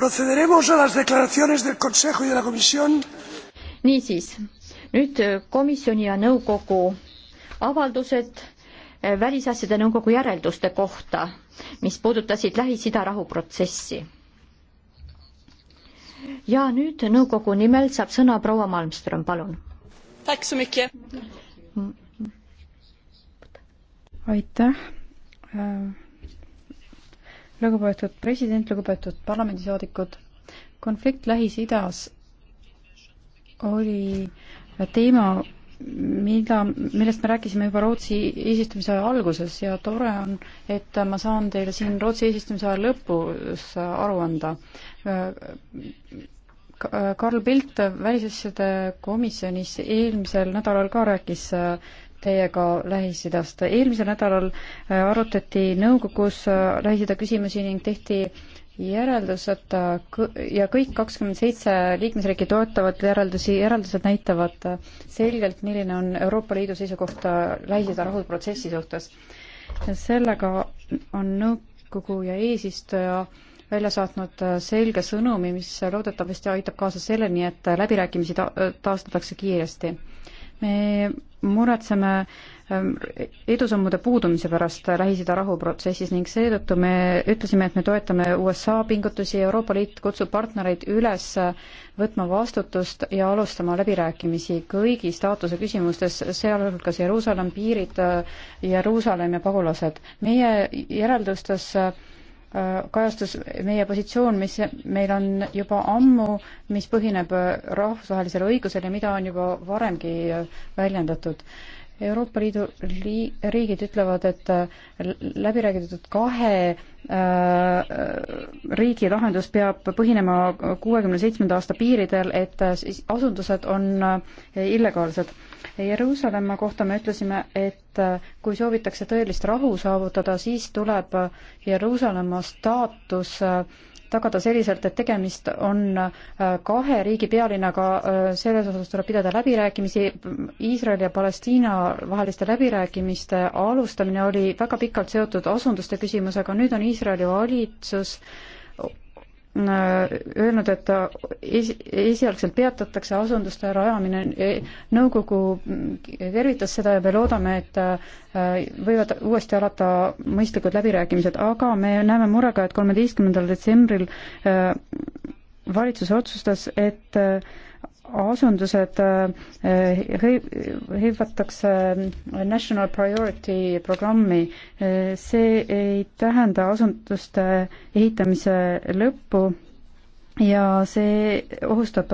procederemos a las declaraciones del Consejo y de la Comisión. niisiis, nüüd äh, komisjoni ja nõukogu avaldused äh, välisasjade nõukogu järelduste kohta, mis puudutasid Lähis-Ida rahuprotsessi. ja nüüd nõukogu nimel saab sõna proua Malmström, palun. Mm. aitäh äh, lugupeetud president, lugupeetud parlamendisaadikud, konflikt Lähis-Idas oli teema, mida, millest me rääkisime juba Rootsi eesistumise aja alguses ja tore on, et ma saan teile siin Rootsi eesistumise aja lõpus aru anda. Karl Pilt välisasjade komisjonis eelmisel nädalal ka rääkis teiega Lähis-Idast. eelmisel nädalal äh, arutati nõukogus äh, Lähis-Ida küsimusi ning tehti järeldus, et äh, ja kõik kakskümmend seitse liikmesriiki toetavad järeldusi, järeldused näitavad selgelt, milline on Euroopa Liidu seisukoht Lähis-Ida rahuprotsessi suhtes. sellega on nõukogu ja eesistuja välja saatnud selge sõnumi, mis loodetavasti aitab kaasa selleni, et läbirääkimisi ta-, taastatakse kiiresti me muretseme ähm, edusammude puudumise pärast Lähis-Ida rahuprotsessis ning seetõttu me ütlesime, et me toetame USA pingutusi, Euroopa Liit kutsub partnereid üles võtma vastutust ja alustama läbirääkimisi kõigi staatuse küsimustes, sealhulgas Jeruusalemm, piirid, äh, Jeruusalemm ja pagulased. meie järeldustes äh, kajastus meie positsioon, mis meil on juba ammu, mis põhineb rahvusvahelisel õigusel ja mida on juba varemgi väljendatud Euroopa Liidu lii-, riigid ütlevad, et äh, läbi räägitud kahe äh, riigi lahendus peab põhinema kuuekümne seitsmenda aasta piiridel, et äh, asundused on äh, illegaalsed. Jeruusalemma kohta me ütlesime, et kui soovitakse tõelist rahu saavutada, siis tuleb Jeruusalemma staatus äh, tagada selliselt, et tegemist on äh, kahe riigi pealinnaga, äh, selles osas tuleb pidada läbirääkimisi, Iisraeli ja Palestiina vaheliste läbirääkimiste alustamine oli väga pikalt seotud asunduste küsimusega, nüüd on Iisraeli valitsus äh, Äh, öelnud, et esi, esialgselt peatatakse asunduste rajamine, e, nõukogu tervitas seda ja me loodame, et äh, võivad uuesti alata mõistlikud läbirääkimised, aga me näeme murega, et kolmeteistkümnendal detsembril äh, valitsus otsustas, et äh, asundused eh, eh, hõivatakse National Priority programmi. Eh, see ei tähenda asunduste ehitamise lõppu ja see ohustab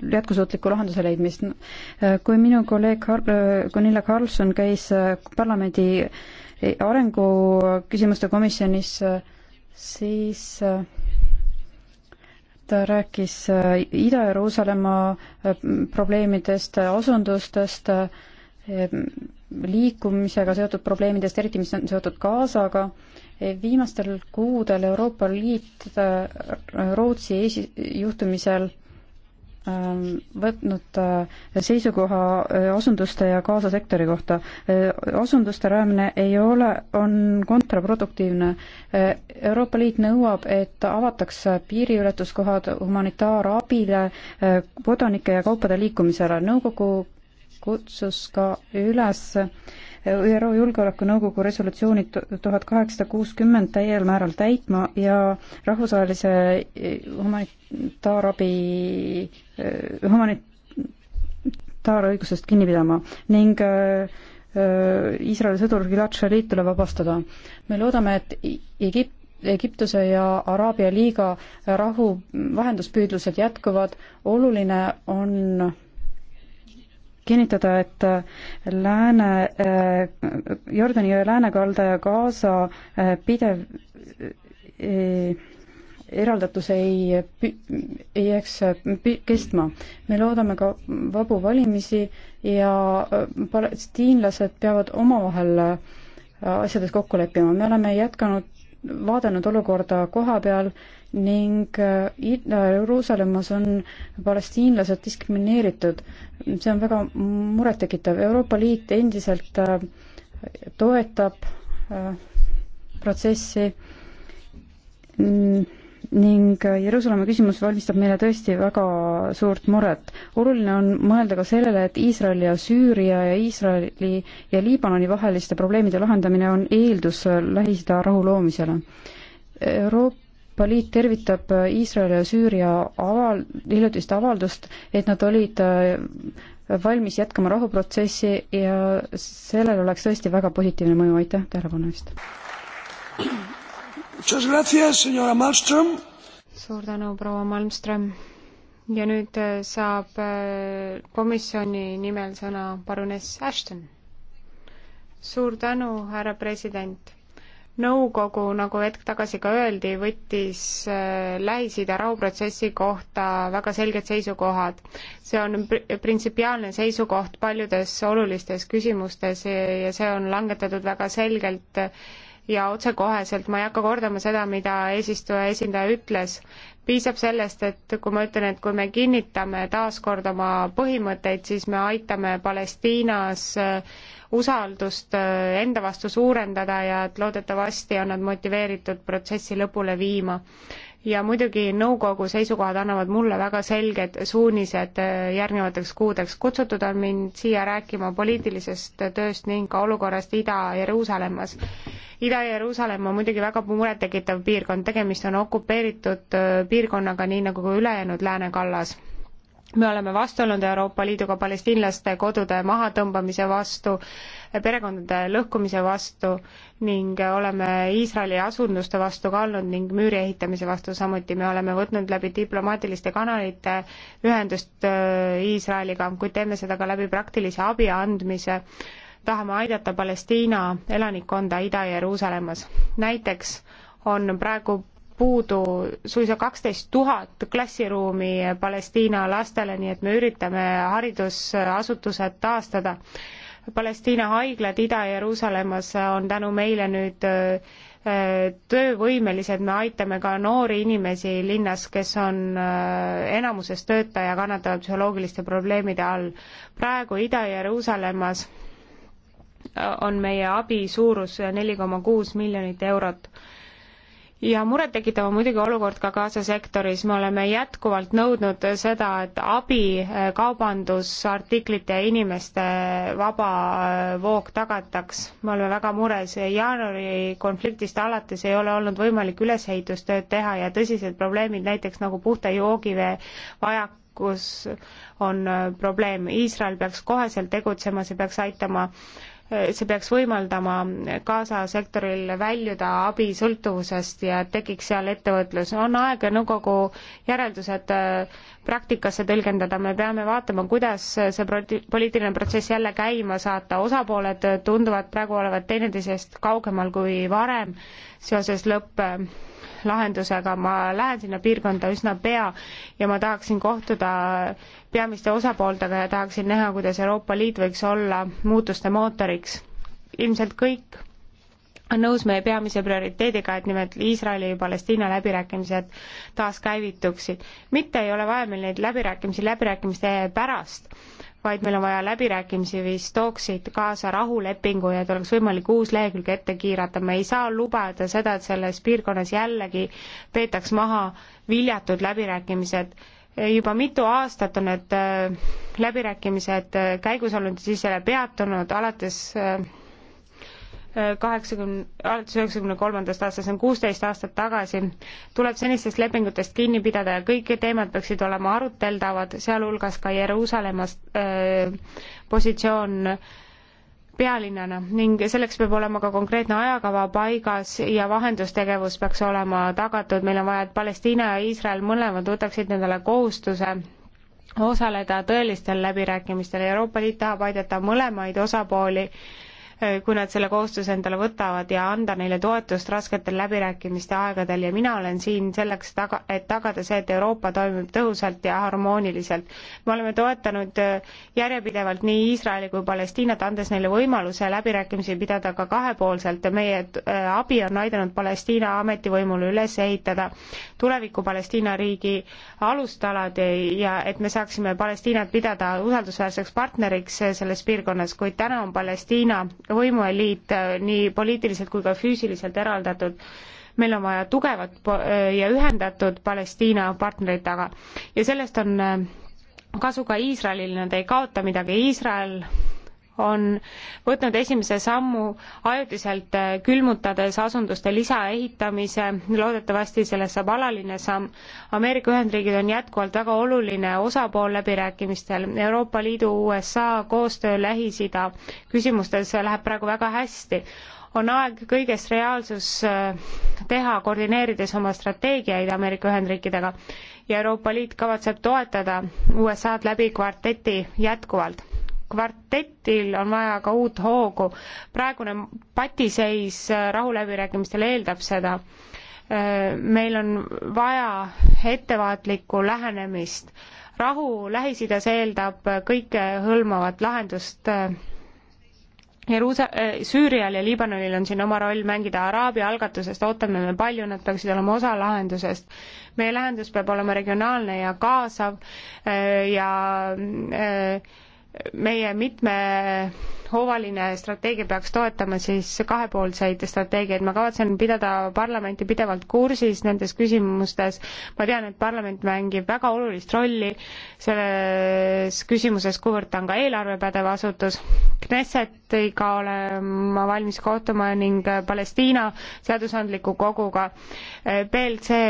jätkusuutliku lahenduse leidmist. kui minu kolleeg Karl-, Gunilla Karlsson käis parlamendi arenguküsimuste komisjonis, siis äh, ta rääkis äh, Ida-Jeruusalemma äh, probleemidest, asundustest, äh, liikumisega seotud probleemidest, eriti mis on seotud Gazaga. viimastel kuudel Euroopa Liit Rootsi esi-, juhtumisel Ähm, võtnud äh, seisukoha asunduste äh, ja kaasasektori kohta. asunduste äh, rajamine ei ole, on kontraproduktiivne. Euroopa Liit nõuab, et avatakse piiriületuskohad humanitaarabile, kodanike ja kaupade liikumisele. nõukogu kutsus ka üles ÜRO Julgeolekunõukogu resolutsiooni tuhat kaheksasada kuuskümmend täiel määral täitma ja rahvusvahelise eh, humanitaarabi, eh, humanitaarõigusest kinni pidama ning eh, Iisraeli sõdur Gilad Shalit tuleb vabastada. me loodame, et Egipt Egiptuse ja Araabia liiga rahu vahenduspüüdlused jätkuvad, oluline on kinnitada, et äh, lääne, äh, Jordani jõe läänekalda ja Gaza äh, pidev eraldatus ei, ei jääks kestma. me loodame ka vabu valimisi ja palestiinlased peavad omavahel asjades kokku leppima. me oleme jätkanud vaadanud olukorda koha peal ning äh, Ida-Jeruusalemmas äh, on palestiinlased diskrimineeritud. see on väga murettekitav. Euroopa Liit endiselt äh, toetab protsessi mm ning Jeruusalemma küsimus valmistab meile tõesti väga suurt muret. oluline on mõelda ka sellele, et Iisraeli ja Süüria ja Iisraeli ja Liibanoni vaheliste probleemide lahendamine on eeldus Lähis-Ida rahu loomisele. Euroopa Liit tervitab Iisraeli ja Süüria aval-, hiljutist avaldust, et nad olid äh, valmis jätkama rahuprotsessi ja sellel oleks tõesti väga positiivne mõju, aitäh tähelepanu eest! suur tänu, proua Malmström. ja nüüd äh, saab äh, komisjoni nimel sõna paruness Ashton. suur tänu, härra president. nõukogu, nagu hetk tagasi ka öeldi, võttis äh, Lähis-Ida rahuprotsessi kohta väga selged seisukohad. see on printsipiaalne seisukoht paljudes olulistes küsimustes ja see on langetatud väga selgelt ja otsekoheselt, ma ei hakka kordama seda, mida eesistuja esindaja ütles, piisab sellest, et kui ma ütlen, et kui me kinnitame taas kord oma põhimõtteid, siis me aitame Palestiinas äh, usaldust äh, enda vastu suurendada ja et loodetavasti on nad motiveeritud protsessi lõpule viima ja muidugi nõukogu seisukohad annavad mulle väga selged suunised äh, järgnevateks kuudeks. kutsutud on mind siia rääkima poliitilisest tööst ning ka olukorrast Ida-Jeruusalemmas. Ida-Jeruusalemm on muidugi väga murettekitav piirkond, tegemist on okupeeritud äh, piirkonnaga, nii nagu ka ülejäänud lääne kallas me oleme vastu olnud Euroopa Liiduga palestiinlaste kodude mahatõmbamise vastu, perekondade lõhkumise vastu ning oleme Iisraeli asunduste vastu ka olnud ning müüri ehitamise vastu samuti. me oleme võtnud läbi diplomaatiliste kanalite ühendust äh, Iisraeliga, kuid teeme seda ka läbi praktilise abi andmise tahame aidata Palestiina elanikkonda Ida-Jeruusalemmas. näiteks on praegu puudu suisa kaksteist tuhat klassiruumi Palestiina lastele, nii et me üritame haridusasutused taastada. Palestiina haiglad Ida-Jeruusalemmas on tänu meile nüüd äh, töövõimelised, me aitame ka noori inimesi linnas, kes on äh, enamuses tööta ja kannatavad psühholoogiliste probleemide all. praegu Ida-Jeruusalemmas äh, on meie abi suurus neli koma kuus miljonit eurot ja murettekitav on muidugi olukord ka Gaza sektoris, me oleme jätkuvalt nõudnud seda, et abi, eh, kaubandus, artiklite ja inimeste eh, vaba eh, voog tagataks. me oleme väga mures, jaanuari konfliktist alates ei ole olnud võimalik ülesehitustööd teha ja tõsised probleemid, näiteks nagu puhta joogivee vajak, kus on probleem, Iisrael peaks koheselt tegutsema, see peaks aitama äh, see peaks võimaldama Gaza sektoril väljuda abisõltuvusest ja tekiks seal ettevõtlus. on aeg nõukogu järeldused äh, praktikasse tõlgendada, me peame vaatama, kuidas see poliitiline protsess jälle käima saata, osapooled tunduvad praegu olevat teineteisest kaugemal kui varem seoses lõpplahendusega, ma lähen sinna piirkonda üsna pea ja ma tahaksin kohtuda peamiste osapooltega ja tahaksin näha, kuidas Euroopa Liit võiks olla muutuste mootoriks. ilmselt kõik on nõus meie peamise prioriteediga, et nimelt Iisraeli ja Palestiina läbirääkimised taaskäivituksid. mitte ei ole vaja meil neid läbirääkimisi läbirääkimiste pärast, vaid meil on vaja läbirääkimisi, mis tooksid kaasa rahulepingu ja et oleks võimalik uus lehekülg ette kiirata. me ei saa lubada seda, et selles piirkonnas jällegi peetaks maha viljatud läbirääkimised juba mitu aastat on need äh, läbirääkimised äh, käigus olnud ja siis jälle peatunud alates äh, kaheksakümne, alates üheksakümne kolmandast aastast, see on kuusteist aastat tagasi, tuleb senistest lepingutest kinni pidada ja kõik teemad peaksid olema aruteldavad, sealhulgas ka Jeruusalemmas äh, positsioon äh, pealinnana ning selleks peab olema ka konkreetne ajakava paigas ja vahendustegevus peaks olema tagatud, meil on vaja, et Palestiina ja Iisrael mõlemad võtaksid endale kohustuse osaleda tõelistel läbirääkimistel, Euroopa Liit tahab aidata mõlemaid osapooli Eh, kui nad selle kohustuse endale võtavad ja anda neile toetust rasketel läbirääkimiste aegadel ja mina olen siin selleks taga, et tagada see, et Euroopa toimib tõhusalt ja harmooniliselt. me oleme toetanud eh, järjepidevalt nii Iisraeli kui Palestiinat, andes neile võimaluse läbirääkimisi pidada ka kahepoolselt ja meie eh, abi on aidanud Palestiina ametivõimule üles ehitada tuleviku Palestiina riigi alustalad ja et me saaksime Palestiinat pidada usaldusväärseks partneriks selles piirkonnas, kuid täna on Palestiina võimueliit äh, nii poliitiliselt kui ka füüsiliselt eraldatud. meil on vaja tugevat äh, ja ühendatud Palestiina partnerit taga ja sellest on äh, kasu ka Iisraelil, nad ei kaota midagi, Iisrael on võtnud esimese sammu ajutiselt äh, külmutades asunduste lisaehitamise, loodetavasti sellest saab alaline samm. Ameerika Ühendriigid on jätkuvalt väga oluline osapool läbirääkimistel. Euroopa Liidu, USA koostöö Lähis-Ida küsimustes läheb praegu väga hästi on aeg kõigest reaalsus äh, teha, koordineerides oma strateegiaid Ameerika Ühendriikidega ja Euroopa Liit kavatseb toetada USA-d läbi kvarteti jätkuvalt kvartetil on vaja ka uut hoogu. praegune patiseis äh, rahuläbirääkimistel eeldab seda. Äh, meil on vaja ettevaatlikku lähenemist. rahu Lähis-Idas eeldab kõikehõlmavat lahendust äh, Jeruusa-, Süürial ja Liibanonil on siin oma roll mängida, Araabia algatusest ootame me palju, nad peaksid olema osa lahendusest. meie lahendus peab olema regionaalne ja kaasav ja äh, meie mitmehoovaline strateegia peaks toetama siis kahepoolseid strateegiaid, ma kavatsen pidada parlamenti pidevalt kursis nendes küsimustes, ma tean, et parlament mängib väga olulist rolli selles küsimuses, kuivõrd ta on ka eelarvepädev asutus. Knessetiga olen ma valmis kohtuma ning Palestiina seadusandliku koguga. BLC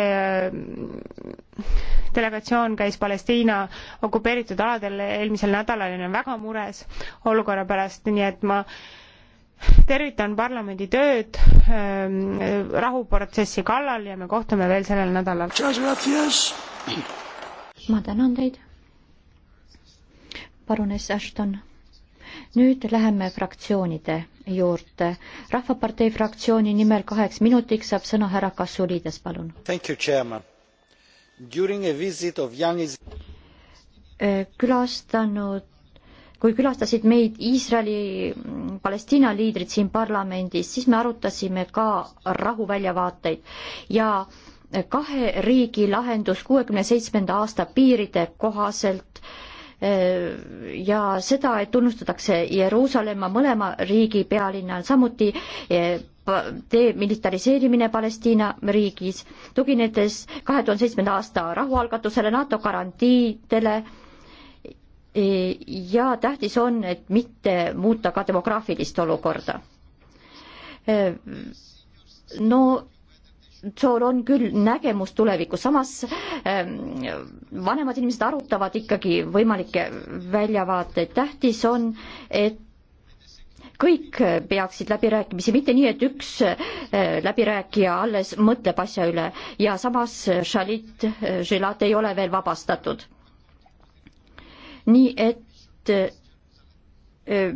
delegatsioon käis Palestiina okupeeritud aladel eelmisel nädalal ja on väga mures olukorra pärast, nii et ma tervitan parlamendi tööd ähm, rahuprotsessi kallal ja me kohtume veel sellel nädalal. ma tänan teid, paruness Ashton. nüüd läheme fraktsioonide juurde. rahvapartei fraktsiooni nimel kaheks minutiks saab sõna härra Kasulides, palun. Äh, külastanud, kui külastasid meid Iisraeli-Palestiina mm, liidrid siin parlamendis, siis me arutasime ka rahuväljavaateid ja äh, kahe riigi lahendus kuuekümne seitsmenda aasta piiride kohaselt äh, ja seda, et tunnustatakse Jeruusalemma mõlema riigi pealinnal, samuti demilitariseerimine Palestiina riigis, tuginedes kahe tuhande seitsmenda aasta rahualgatusele, NATO garantiidele e, ja tähtis on, et mitte muuta ka demograafilist olukorda. E, no sool on küll nägemus tulevikus, samas e, vanemad inimesed arutavad ikkagi võimalikke väljavaateid, tähtis on, et kõik peaksid läbirääkimisi, mitte nii, et üks äh, läbirääkija alles mõtleb asja üle ja samas Shalit Žilat äh, ei ole veel vabastatud. nii et äh,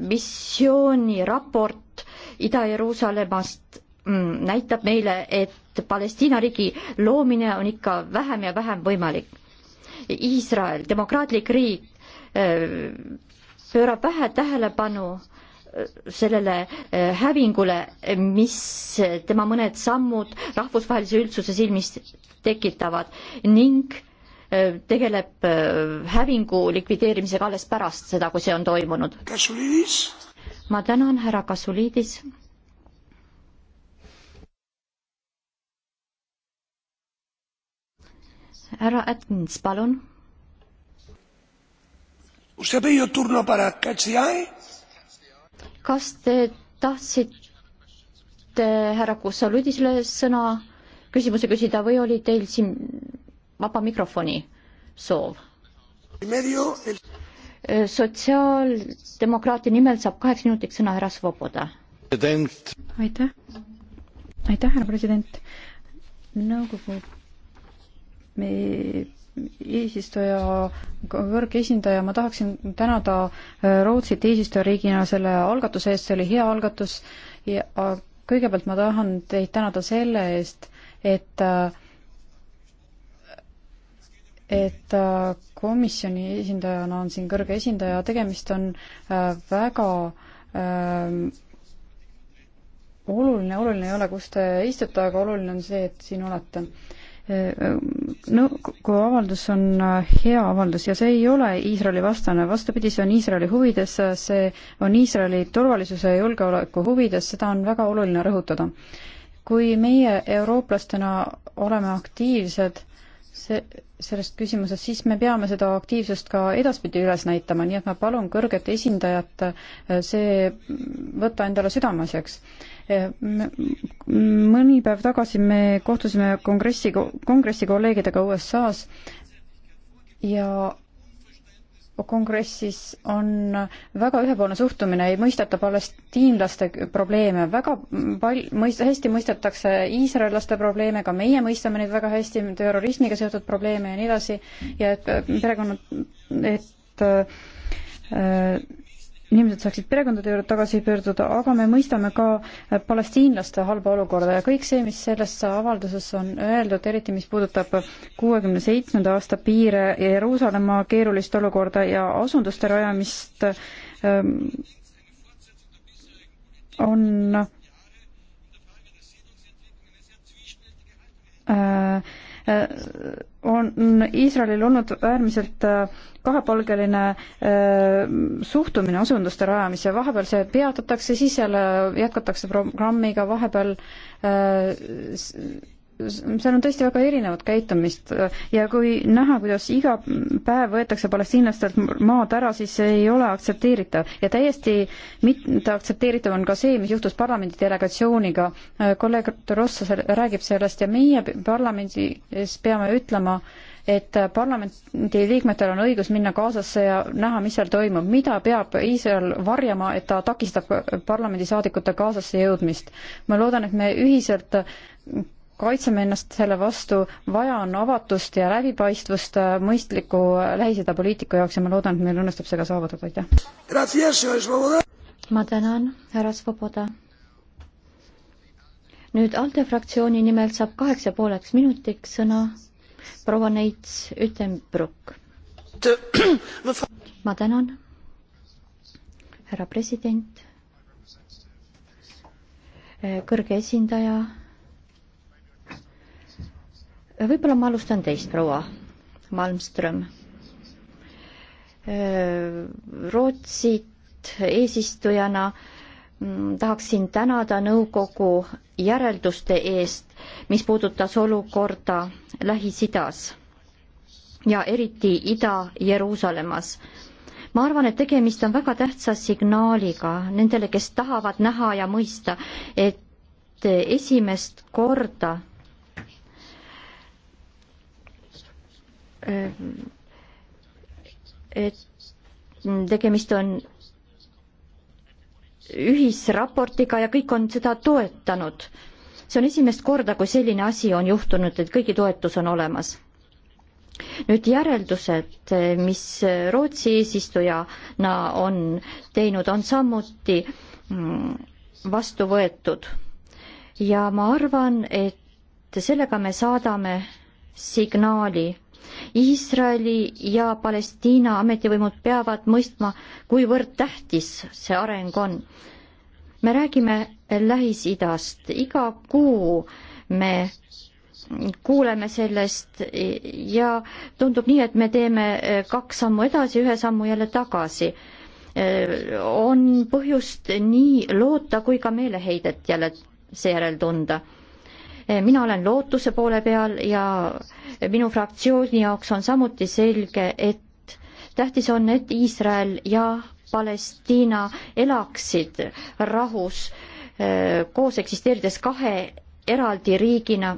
missiooniraport Ida-Jeruusalemmast mm, näitab meile, et Palestiina riigi loomine on ikka vähem ja vähem võimalik. Iisrael, demokraatlik riik, pöörab vähe tähelepanu sellele eh, hävingule, mis tema mõned sammud rahvusvahelise üldsuse silmis tekitavad ning eh, tegeleb eh, hävingu likvideerimisega alles pärast seda, kui see on toimunud. ma tänan, härra Kasuliidis. härra Atkins, palun. Usted ha pedido turno para Catch the Eye? kas te tahtsite härra Kussoludisele sõna, küsimuse küsida või oli teil siin vaba mikrofoni soov? sotsiaaldemokraatia nimel saab kaheks minutiks sõna härra Svoboda. aitäh, aitäh, härra president. nõukogu me eesistuja, kõrge esindaja, ma tahaksin tänada äh, Rootsit eesistujariigina selle algatuse eest, see oli hea algatus ja kõigepealt ma tahan teid tänada selle eest, et äh, et äh, komisjoni esindajana on siin kõrge esindaja, tegemist on väga ähm, oluline, oluline ei ole, kus te istute, aga oluline on see, et siin olete äh, nõukogu avaldus on äh, hea avaldus ja see ei ole Iisraeli vastane, vastupidi, see on Iisraeli huvides, see on Iisraeli turvalisuse ja julgeoleku huvides, seda on väga oluline rõhutada. kui meie eurooplastena oleme aktiivsed see, sellest küsimusest, siis me peame seda aktiivsust ka edaspidi üles näitama, nii et ma palun kõrget esindajat äh, see võtta endale südameasjaks. Äh, mõni päev tagasi me kohtusime kongressi, kongressi kolleegidega USA-s ja kongressis on väga ühepoolne suhtumine, ei mõisteta palestiinlaste probleeme, väga pal-, mõist-, hästi mõistetakse iisraellaste probleeme, ka meie mõistame neid väga hästi, terrorismiga seotud probleeme ja nii edasi, ja et perekonnad, et äh, inimesed saaksid perekondade juurde tagasi pöörduda, aga me mõistame ka palestiinlaste halba olukorda ja kõik see, mis selles avalduses on öeldud, eriti mis puudutab kuuekümne seitsmenda aasta piire ja Jeruusalemma keerulist olukorda ja asunduste rajamist, ähm, on Äh, on Iisraelil olnud äärmiselt äh, kahepalgeline äh, suhtumine asunduste rajamisse, vahepeal see peatatakse, siis jälle jätkatakse programmiga, vahepeal seal on tõesti väga erinevat käitumist ja kui näha, kuidas iga päev võetakse palestiinlastelt maad ära, siis see ei ole aktsepteeritav ja täiesti mitte aktsepteeritav on ka see, mis juhtus parlamendi delegatsiooniga. kolleeg Rossa räägib sellest ja meie parlamendis peame ütlema, et parlamendi liikmetel on õigus minna Gazasse ja näha, mis seal toimub, mida peab Iisrael varjama, et ta takistab parlamendisaadikute Gazasse jõudmist. ma loodan, et me ühiselt kaitseme ennast selle vastu, vaja on avatust ja läbipaistvust äh, mõistliku Lähis-Ida poliitika jaoks ja ma loodan, et meil õnnestub see ka saavutada, aitäh! ma tänan, härra Svoboda! nüüd ALDE fraktsiooni nimel saab kaheks ja pooleks minutiks sõna proua Neits Ütenbruck. ma tänan, härra president, kõrge esindaja võib-olla ma alustan teist, proua Malmström. Rootsit eesistujana mm, tahaksin tänada nõukogu järelduste eest, mis puudutas olukorda Lähis-Idas ja eriti Ida-Jeruusalemmas. ma arvan, et tegemist on väga tähtsa signaaliga nendele, kes tahavad näha ja mõista, et esimest korda Äh, et tegemist on ühisraportiga ja kõik on seda toetanud. see on esimest korda, kui selline asi on juhtunud, et kõigi toetus on olemas. nüüd järeldused, mis Rootsi eesistujana on teinud, on samuti mm, vastu võetud ja ma arvan, et sellega me saadame signaali Iisraeli ja Palestiina ametivõimud peavad mõistma, kuivõrd tähtis see areng on. me räägime Lähis-Idast, iga kuu me kuuleme sellest ja tundub nii, et me teeme eh, kaks sammu edasi, ühe sammu jälle tagasi. Eh, on põhjust nii loota kui ka meeleheidet jälle seejärel tunda Eh, mina olen lootuse poole peal ja minu fraktsiooni jaoks on samuti selge, et tähtis on, et Iisrael ja Palestiina elaksid rahus eh, koos eksisteerides kahe eraldi riigina,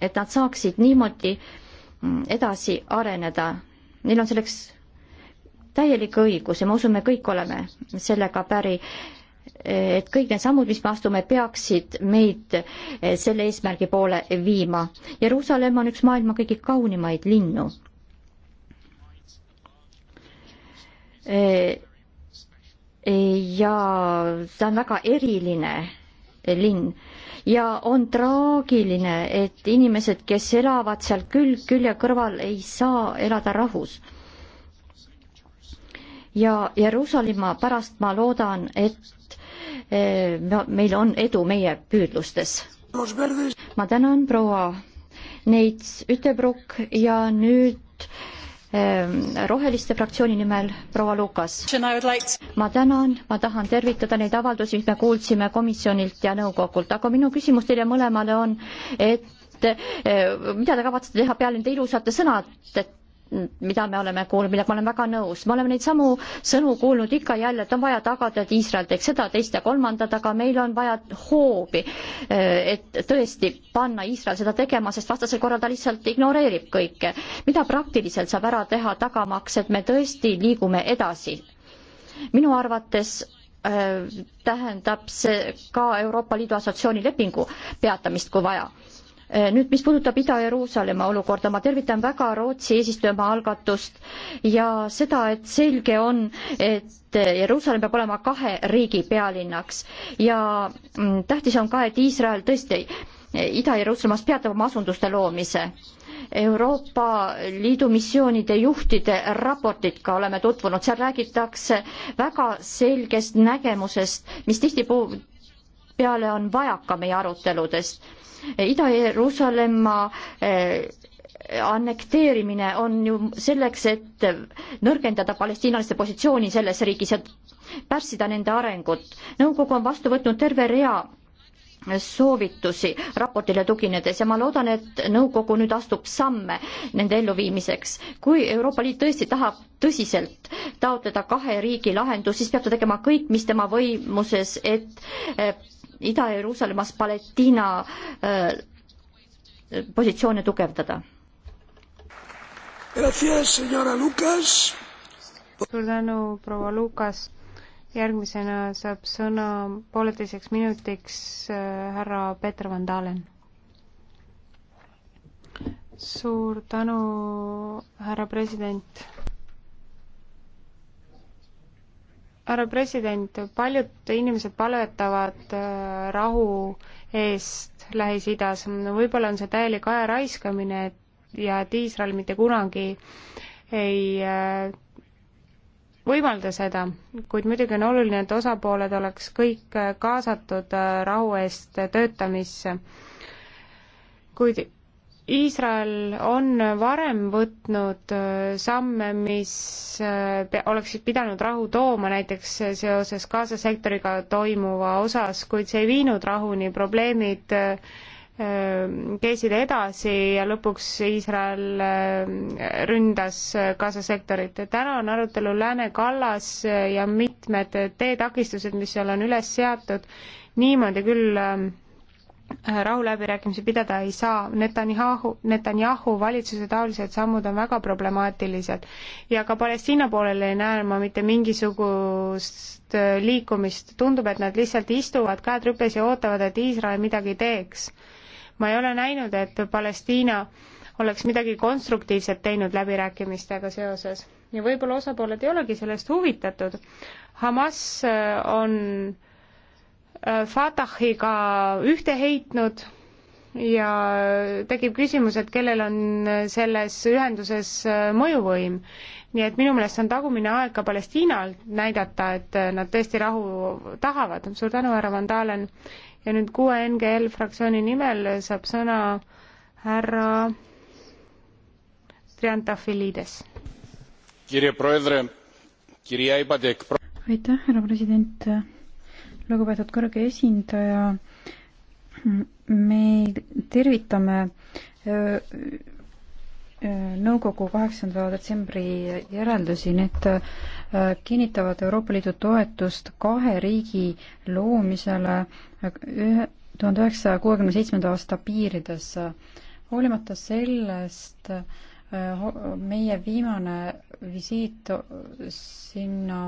et nad saaksid niimoodi mm, edasi areneda. Neil on selleks täielik õigus ja ma usun, me kõik oleme sellega päri et kõik need sammud, mis me astume, peaksid meid eh, selle eesmärgi poole viima. Jeruusalemm on üks maailma kõige kaunimaid linnu. Eh, ja ta on väga eriline linn ja on traagiline, et inimesed, kes elavad seal külg külje kõrval, ei saa elada rahus ja Jeruusalemma pärast ma loodan, et Eh, meil on edu meie püüdlustes. ma tänan, proua Neits Ütebruk ja nüüd ehm, Roheliste fraktsiooni nimel proua Lukas. ma tänan, ma tahan tervitada neid avaldusi, mis me kuulsime komisjonilt ja nõukogult, aga minu küsimus teile mõlemale on, et eh, mida te kavatsete teha peale nende ilusate sõnade mida me oleme kuulnud, millega ma olen väga nõus. me oleme neid samu sõnu kuulnud ikka ja jälle, et on vaja tagada, et Iisrael teeks seda, teist ja kolmandat, aga meil on vaja hoobi, eh, et tõesti panna Iisrael seda tegema, sest vastasel korral ta lihtsalt ignoreerib kõike. mida praktiliselt saab ära teha, tagamaks, et me tõesti liigume edasi? minu arvates äh, tähendab see ka Euroopa Liidu assotsiatsioonilepingu peatamist, kui vaja Eh, nüüd, mis puudutab Ida-Jeruusalemma olukorda, ma tervitan väga Rootsi eesistujamaa algatust ja seda, et selge on, et Jeruusalemm peab olema kahe riigi pealinnaks ja mm, tähtis on ka, et Iisrael tõesti eh, Ida-Jeruusalemmas peatab oma asunduste loomise. Euroopa Liidu missioonide juhtide raportit ka oleme tutvunud, seal räägitakse väga selgest nägemusest, mis tihtipeale on vajaka meie aruteludest Ida-Jeruusalemma eh, annekteerimine on ju selleks, et nõrgendada palestiinlaste positsiooni selles riigis ja pärssida nende arengut. nõukogu on vastu võtnud terve rea soovitusi raportile tuginedes ja ma loodan, et nõukogu nüüd astub samme nende elluviimiseks. kui Euroopa Liit tõesti tahab tõsiselt taotleda kahe riigi lahendust, siis peab ta tegema kõik, mis tema võimuses, et eh, Ida-Jeruusalemmas Palestiina äh, positsioone tugevdada. suur tänu, proua Lukas. järgmisena saab sõna pooleteiseks minutiks äh, härra Peeter Van Dalen suur tänu, härra president. härra president, paljud inimesed palvetavad äh, rahu eest Lähis-Idas, võib-olla on see täielik aja raiskamine ja et Iisrael mitte kunagi ei äh, võimalda seda, kuid muidugi on oluline, et osapooled oleks kõik äh, kaasatud rahu eest töötamisse. kuid Iisrael on varem võtnud äh, samme, mis äh, oleksid pidanud rahu tooma, näiteks äh, seoses Gaza sektoriga toimuva osas, kuid see ei viinud rahuni, probleemid keisid edasi ja lõpuks Iisrael ründas Gaza sektorit. täna on arutelul Lääne-Kallas ja mitmed teetakistused, mis seal on üles seatud, niimoodi küll Äh, rahuläbirääkimisi pidada ei saa. Netanyahu, Netanyahu valitsuse taolised sammud on väga problemaatilised ja ka Palestiina poolel ei näe ma mitte mingisugust äh, liikumist. tundub, et nad lihtsalt istuvad käed rüpes ja ootavad, et Iisrael midagi teeks. ma ei ole näinud, et Palestiina oleks midagi konstruktiivset teinud läbirääkimistega seoses ja võib-olla osapooled ei olegi sellest huvitatud. Hamas äh, on äh, Äh, Fatahiga ühte heitnud ja tekib küsimus, et kellel on selles ühenduses äh, mõjuvõim. nii et minu meelest on tagumine aeg ka Palestiinal näidata, et äh, nad tõesti rahu tahavad. suur tänu, härra Van Dalen. ja nüüd kuue NGL fraktsiooni nimel saab sõna härra Triantafilides. aitäh, härra president lugupeetud kõrge esindaja, me tervitame äh, äh, nõukogu kaheksanda detsembri järeldusi, need äh, kinnitavad Euroopa Liidu toetust kahe riigi loomisele ühe, tuhande üheksasaja kuuekümne seitsmenda aasta piirides. hoolimata sellest meie viimane visiit sinna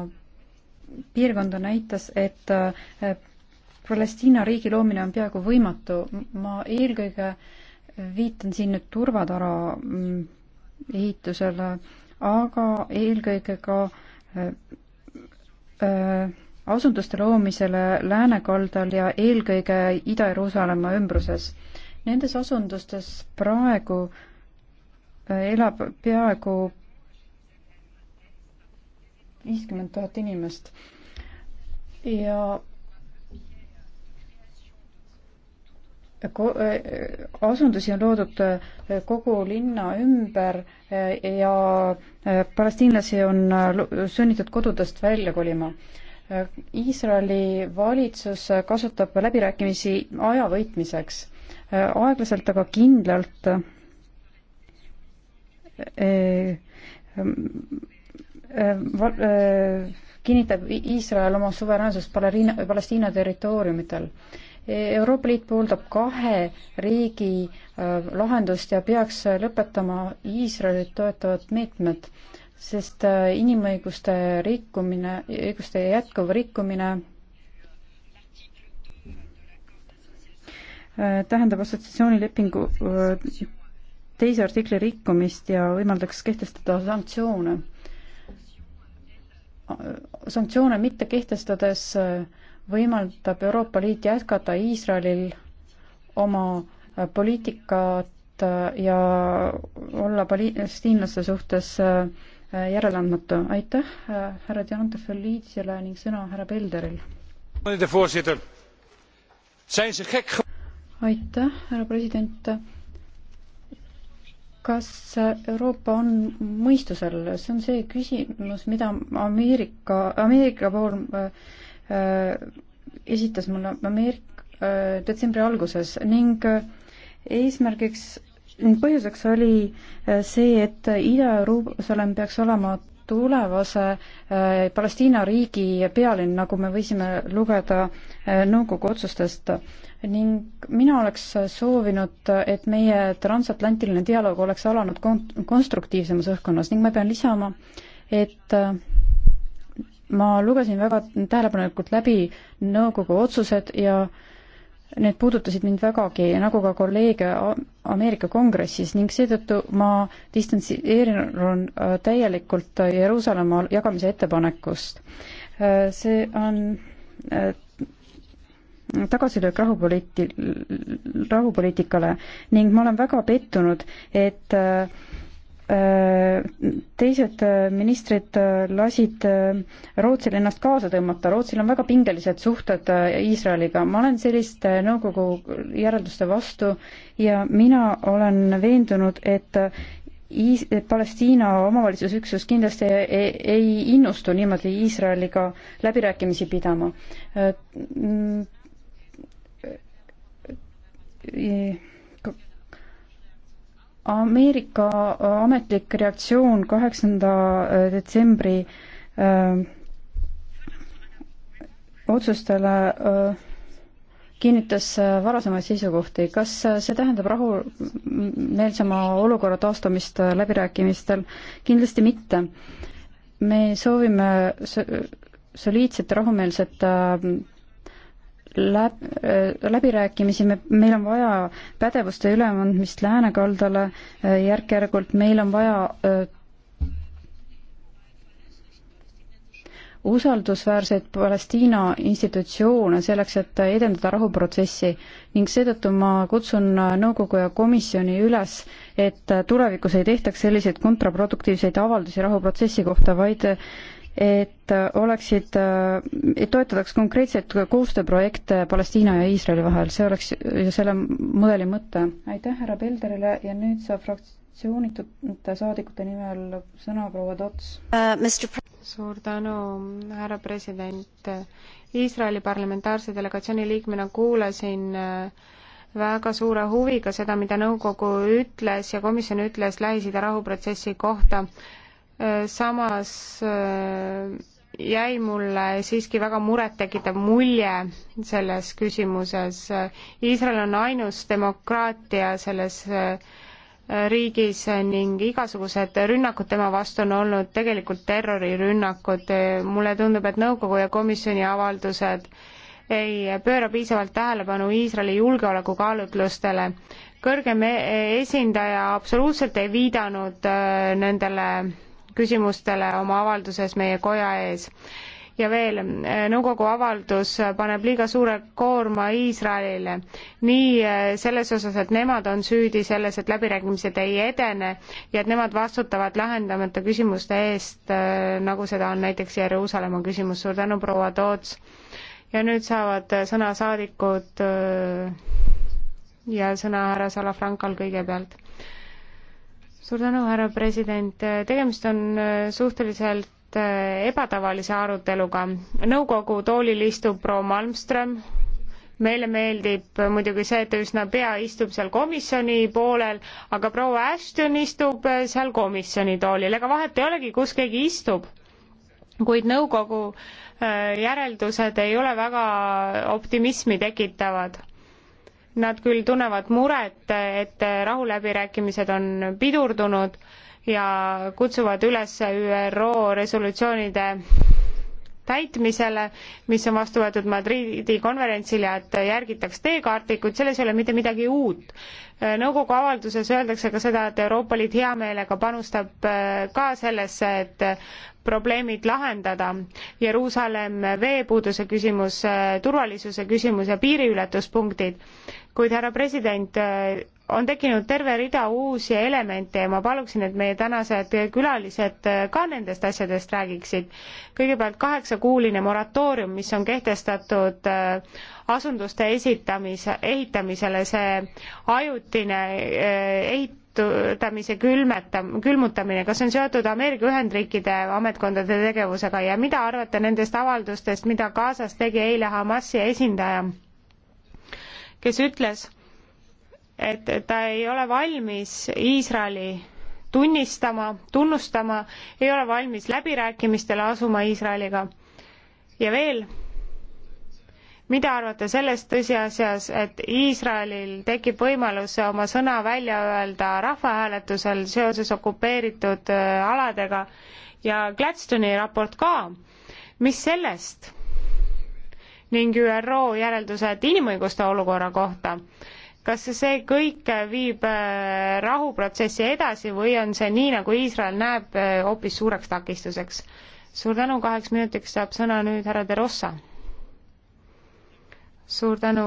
piirkonda näitas, et äh, Palestiina riigi loomine on peaaegu võimatu. ma eelkõige viitan siin nüüd turvatara mm, ehitusele, aga eelkõige ka äh, äh, asunduste loomisele läänekaldal ja eelkõige Ida-Jeruusalemma ümbruses. Nendes asundustes praegu elab peaaegu viiskümmend tuhat inimest. ja ko-, äh, asundusi on loodud äh, kogu linna ümber äh, ja palestiinlasi on sunnitud kodudest välja kolima. Iisraeli valitsus kasutab läbirääkimisi aja võitmiseks, aeglaselt aga kindlalt Äh, äh, kinnitab Iisrael oma suveräänsust Palestiina territooriumidel. Euroopa Liit pooldab kahe riigi äh, lahendust ja peaks lõpetama Iisraelit toetavad meetmed, sest inimõiguste rikkumine, õiguste jätkuv rikkumine tähendab assotsiatsioonilepingu teise artikli rikkumist ja võimaldaks kehtestada sanktsioone sanktsioone mitte kehtestades äh, võimaldab Euroopa Liit jätkata Iisraelil oma äh, poliitikat äh, ja olla palestiinlaste suhtes järeleandmatu. aitäh härra Diantofelidisele ning sõna härra Pelderil. aitäh, härra president kas Euroopa on mõistusel, see on see küsimus, mida Ameerika, Ameerika pool äh, esitas mulle Ameerika äh, detsembri alguses ning äh, eesmärgiks, põhjuseks oli äh, see, et Ida-Jeruusalemm peaks olema tulevase äh, Palestiina riigi pealinn, nagu me võisime lugeda äh, nõukogu otsustest. ning mina oleks soovinud, et meie transatlantiline dialoog oleks alanud kont-, konstruktiivsemas õhkkonnas ning ma pean lisama, et äh, ma lugesin väga tähelepanelikult läbi nõukogu otsused ja äh, need puudutasid mind vägagi, nagu ka kolleege Ameerika Kongressis ning seetõttu ma distantseerun äh, täielikult Jeruusalemma jagamise ettepanekust. Äh, see on äh, tagasilöök rahupoliiti-, rahupoliitikale ning ma olen väga pettunud, et äh, Äh, teised äh, ministrid äh, lasid Rootsil ennast kaasa tõmmata. Rootsil on väga pingelised suhted Iisraeliga. ma olen selliste nõukogu järelduste vastu ja mina olen veendunud, et Iis-, Palestiina omavalitsusüksus kindlasti ei, ei innustu niimoodi Iisraeliga läbirääkimisi pidama. Mm, Ameerika äh, ametlik reaktsioon kaheksanda äh, detsembri öö, äh, otsustele öö, kinnitas varasemaid seisukohti. kas see tähendab rahumeelsema olukorra taastumist läbirääkimistel? kindlasti mitte. me soovime soliidset rahumeelset läb-, äh, läbirääkimisi, me, meil on vaja pädevuste üleandmist läänekaldale äh, järk-järgult, meil on vaja öö, äh, usaldusväärseid Palestiina institutsioone selleks, et edendada rahuprotsessi ning seetõttu ma kutsun nõukogu ja komisjoni üles, et tulevikus ei tehtaks selliseid kontraproduktiivseid avaldusi rahuprotsessi kohta, vaid et oleksid, et toetataks konkreetseid koostööprojekte Palestiina ja Iisraeli vahel, see oleks ju selle mudeli mõte. aitäh härra Pelderile ja nüüd saab fraktsioonitute saadikute nimel sõna proua Tots uh,. suur tänu, härra president. Iisraeli parlamentaarse delegatsiooni liikmena kuulasin äh, väga suure huviga seda, mida nõukogu ütles ja komisjon ütles Lähis-Ida rahuprotsessi kohta Äh, samas äh, jäi mulle siiski väga murettekitav mulje selles küsimuses. Iisrael on ainus demokraatia selles äh, riigis ning igasugused rünnakud tema vastu on olnud tegelikult terrorirünnakud. mulle tundub, et nõukogu ja komisjoni avaldused ei pööra piisavalt tähelepanu Iisraeli julgeolekukaalutlustele. kõrgem e-, esindaja absoluutselt ei viidanud nendele küsimustele oma avalduses meie koja ees ja veel, nõukogu avaldus paneb liiga suure koorma Iisraelile. nii äh, selles osas, et nemad on süüdi selles, et läbirääkimised ei edene ja et nemad vastutavad lahendamata küsimuste eest, äh, nagu seda on näiteks Jeruusalemma küsimus. suur tänu, proua Toots! ja nüüd saavad sõna saadikud äh, ja sõna härra Salafrankal kõigepealt suur tänu, härra president, tegemist on äh, suhteliselt äh, ebatavalise aruteluga. nõukogu toolil istub proua Malmström, meile meeldib muidugi see, et ta üsna pea istub seal komisjoni poolel, aga proua Ashton istub äh, seal komisjoni toolil, ega vahet ei olegi, kus keegi istub. kuid nõukogu järeldused ei ole väga optimismi tekitavad Nad küll tunnevad muret, et rahuläbirääkimised on pidurdunud ja kutsuvad üles ÜRO resolutsioonide täitmisele, mis on vastu võetud Madridi konverentsil ja et järgitaks teekaarti, kuid selles ei ole mitte midagi uut. nõukogu avalduses öeldakse ka seda, et Euroopa Liit hea meelega panustab äh, ka sellesse, et probleemid lahendada. Jeruusalemm, veepuuduse küsimus, äh, turvalisuse küsimus ja piiriületuspunktid kuid härra president, äh, on tekkinud terve rida uusi elemente ja ma paluksin, et meie tänased külalised äh, ka nendest asjadest räägiksid. kõigepealt kaheksakuuline moratoorium, mis on kehtestatud äh, asunduste esitamise, ehitamisele, see ajutine ehitamise külmeta-, külmutamine, kas see on seotud Ameerika Ühendriikide ametkondade tegevusega ja mida arvate nendest avaldustest, mida Gazas tegi eile Hamasi esindaja? kes ütles, et ta ei ole valmis Iisraeli tunnistama, tunnustama, ei ole valmis läbirääkimistele asuma Iisraeliga. ja veel, mida arvate sellest tõsiasjas, et Iisraelil tekib võimalus oma sõna välja öelda rahvahääletusel seoses okupeeritud äh, aladega ja Gladstone'i raport ka, mis sellest ning ÜRO järeldused inimõiguste olukorra kohta. kas see kõik viib äh, rahuprotsessi edasi või on see nii, nagu Iisrael näeb, äh, hoopis suureks takistuseks? suur tänu, kaheks minutiks saab sõna nüüd härra De Rossa. suur tänu,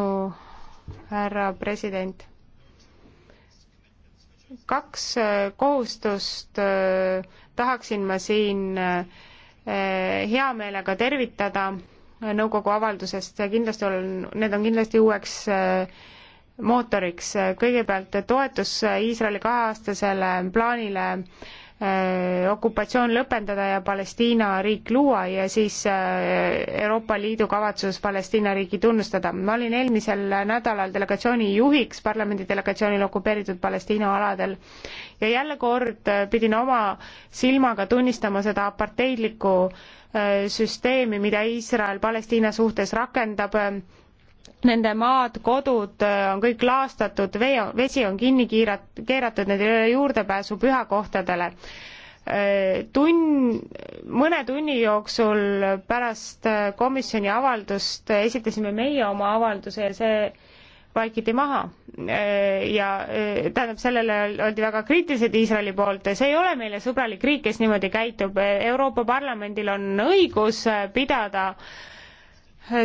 härra president. kaks äh, kohustust tahaksin ma siin hea meelega tervitada nõukogu avaldusest, kindlasti on, need on kindlasti uueks äh, mootoriks, kõigepealt toetus Iisraeli kaheaastasele plaanile Äh, okupatsioon lõpetada ja Palestiina riik luua ja siis äh, Euroopa Liidu kavatsus Palestiina riiki tunnustada. ma olin eelmisel nädalal delegatsiooni juhiks parlamendi delegatsioonil okupeeritud Palestiina aladel ja jälle kord äh, pidin oma silmaga tunnistama seda aparteidlikku süsteemi, mida Iisrael Palestiina suhtes rakendab nende maad, kodud äh, on kõik laastatud, vee, vesi on kinni kiirat-, keeratud, neil ei ole juurdepääsu pühakohtadele. Äh, Tunn, mõne tunni jooksul pärast äh, komisjoni avaldust esitasime meie oma avalduse ja see vaikiti maha ja tähendab, sellele oldi väga kriitilised Iisraeli poolt, see ei ole meile sõbralik riik, kes niimoodi käitub, Euroopa Parlamendil on õigus pidada äh,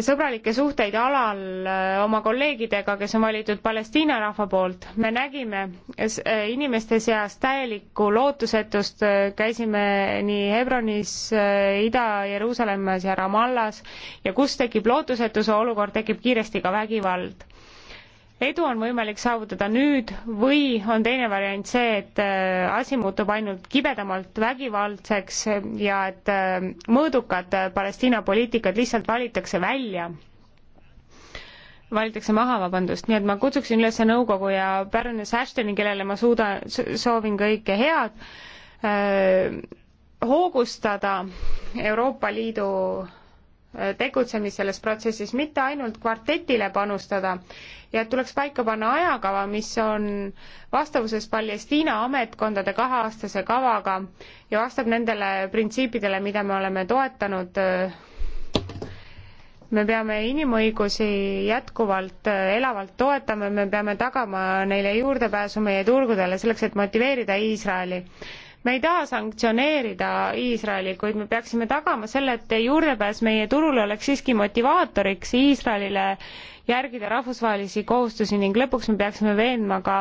sõbralikke suhteid alal äh, oma kolleegidega, kes on valitud Palestiina rahva poolt. me nägime äh, inimeste seas täielikku lootusetust, äh, käisime nii Hebronis, Ida-Jeruusalemmas ja Ramallas ja kus tekib lootusetuse olukord, tekib kiiresti ka vägivald edu on võimalik saavutada nüüd või on teine variant see, et äh, asi muutub ainult kibedamalt vägivaldseks ja et äh, mõõdukad äh, Palestiina poliitikad lihtsalt valitakse välja, valitakse maha, vabandust, nii et ma kutsuksin üles nõukogu ja Baroness Ashtoni, kellele ma suuda, soovin kõike head, hoogustada Euroopa Liidu tegutsemist selles protsessis, mitte ainult kvartetile panustada ja et tuleks paika panna ajakava, mis on vastavuses Palestiina ametkondade kaheaastase kavaga ja vastab nendele printsiipidele, mida me oleme toetanud. me peame inimõigusi jätkuvalt elavalt toetama, me peame tagama neile juurdepääsu meie turgudele selleks, et motiveerida Iisraeli me ei taha sanktsioneerida Iisraeli, kuid me peaksime tagama selle, et juurdepääs meie turule oleks siiski motivaatoriks Iisraelile järgida rahvusvahelisi kohustusi ning lõpuks me peaksime veenma ka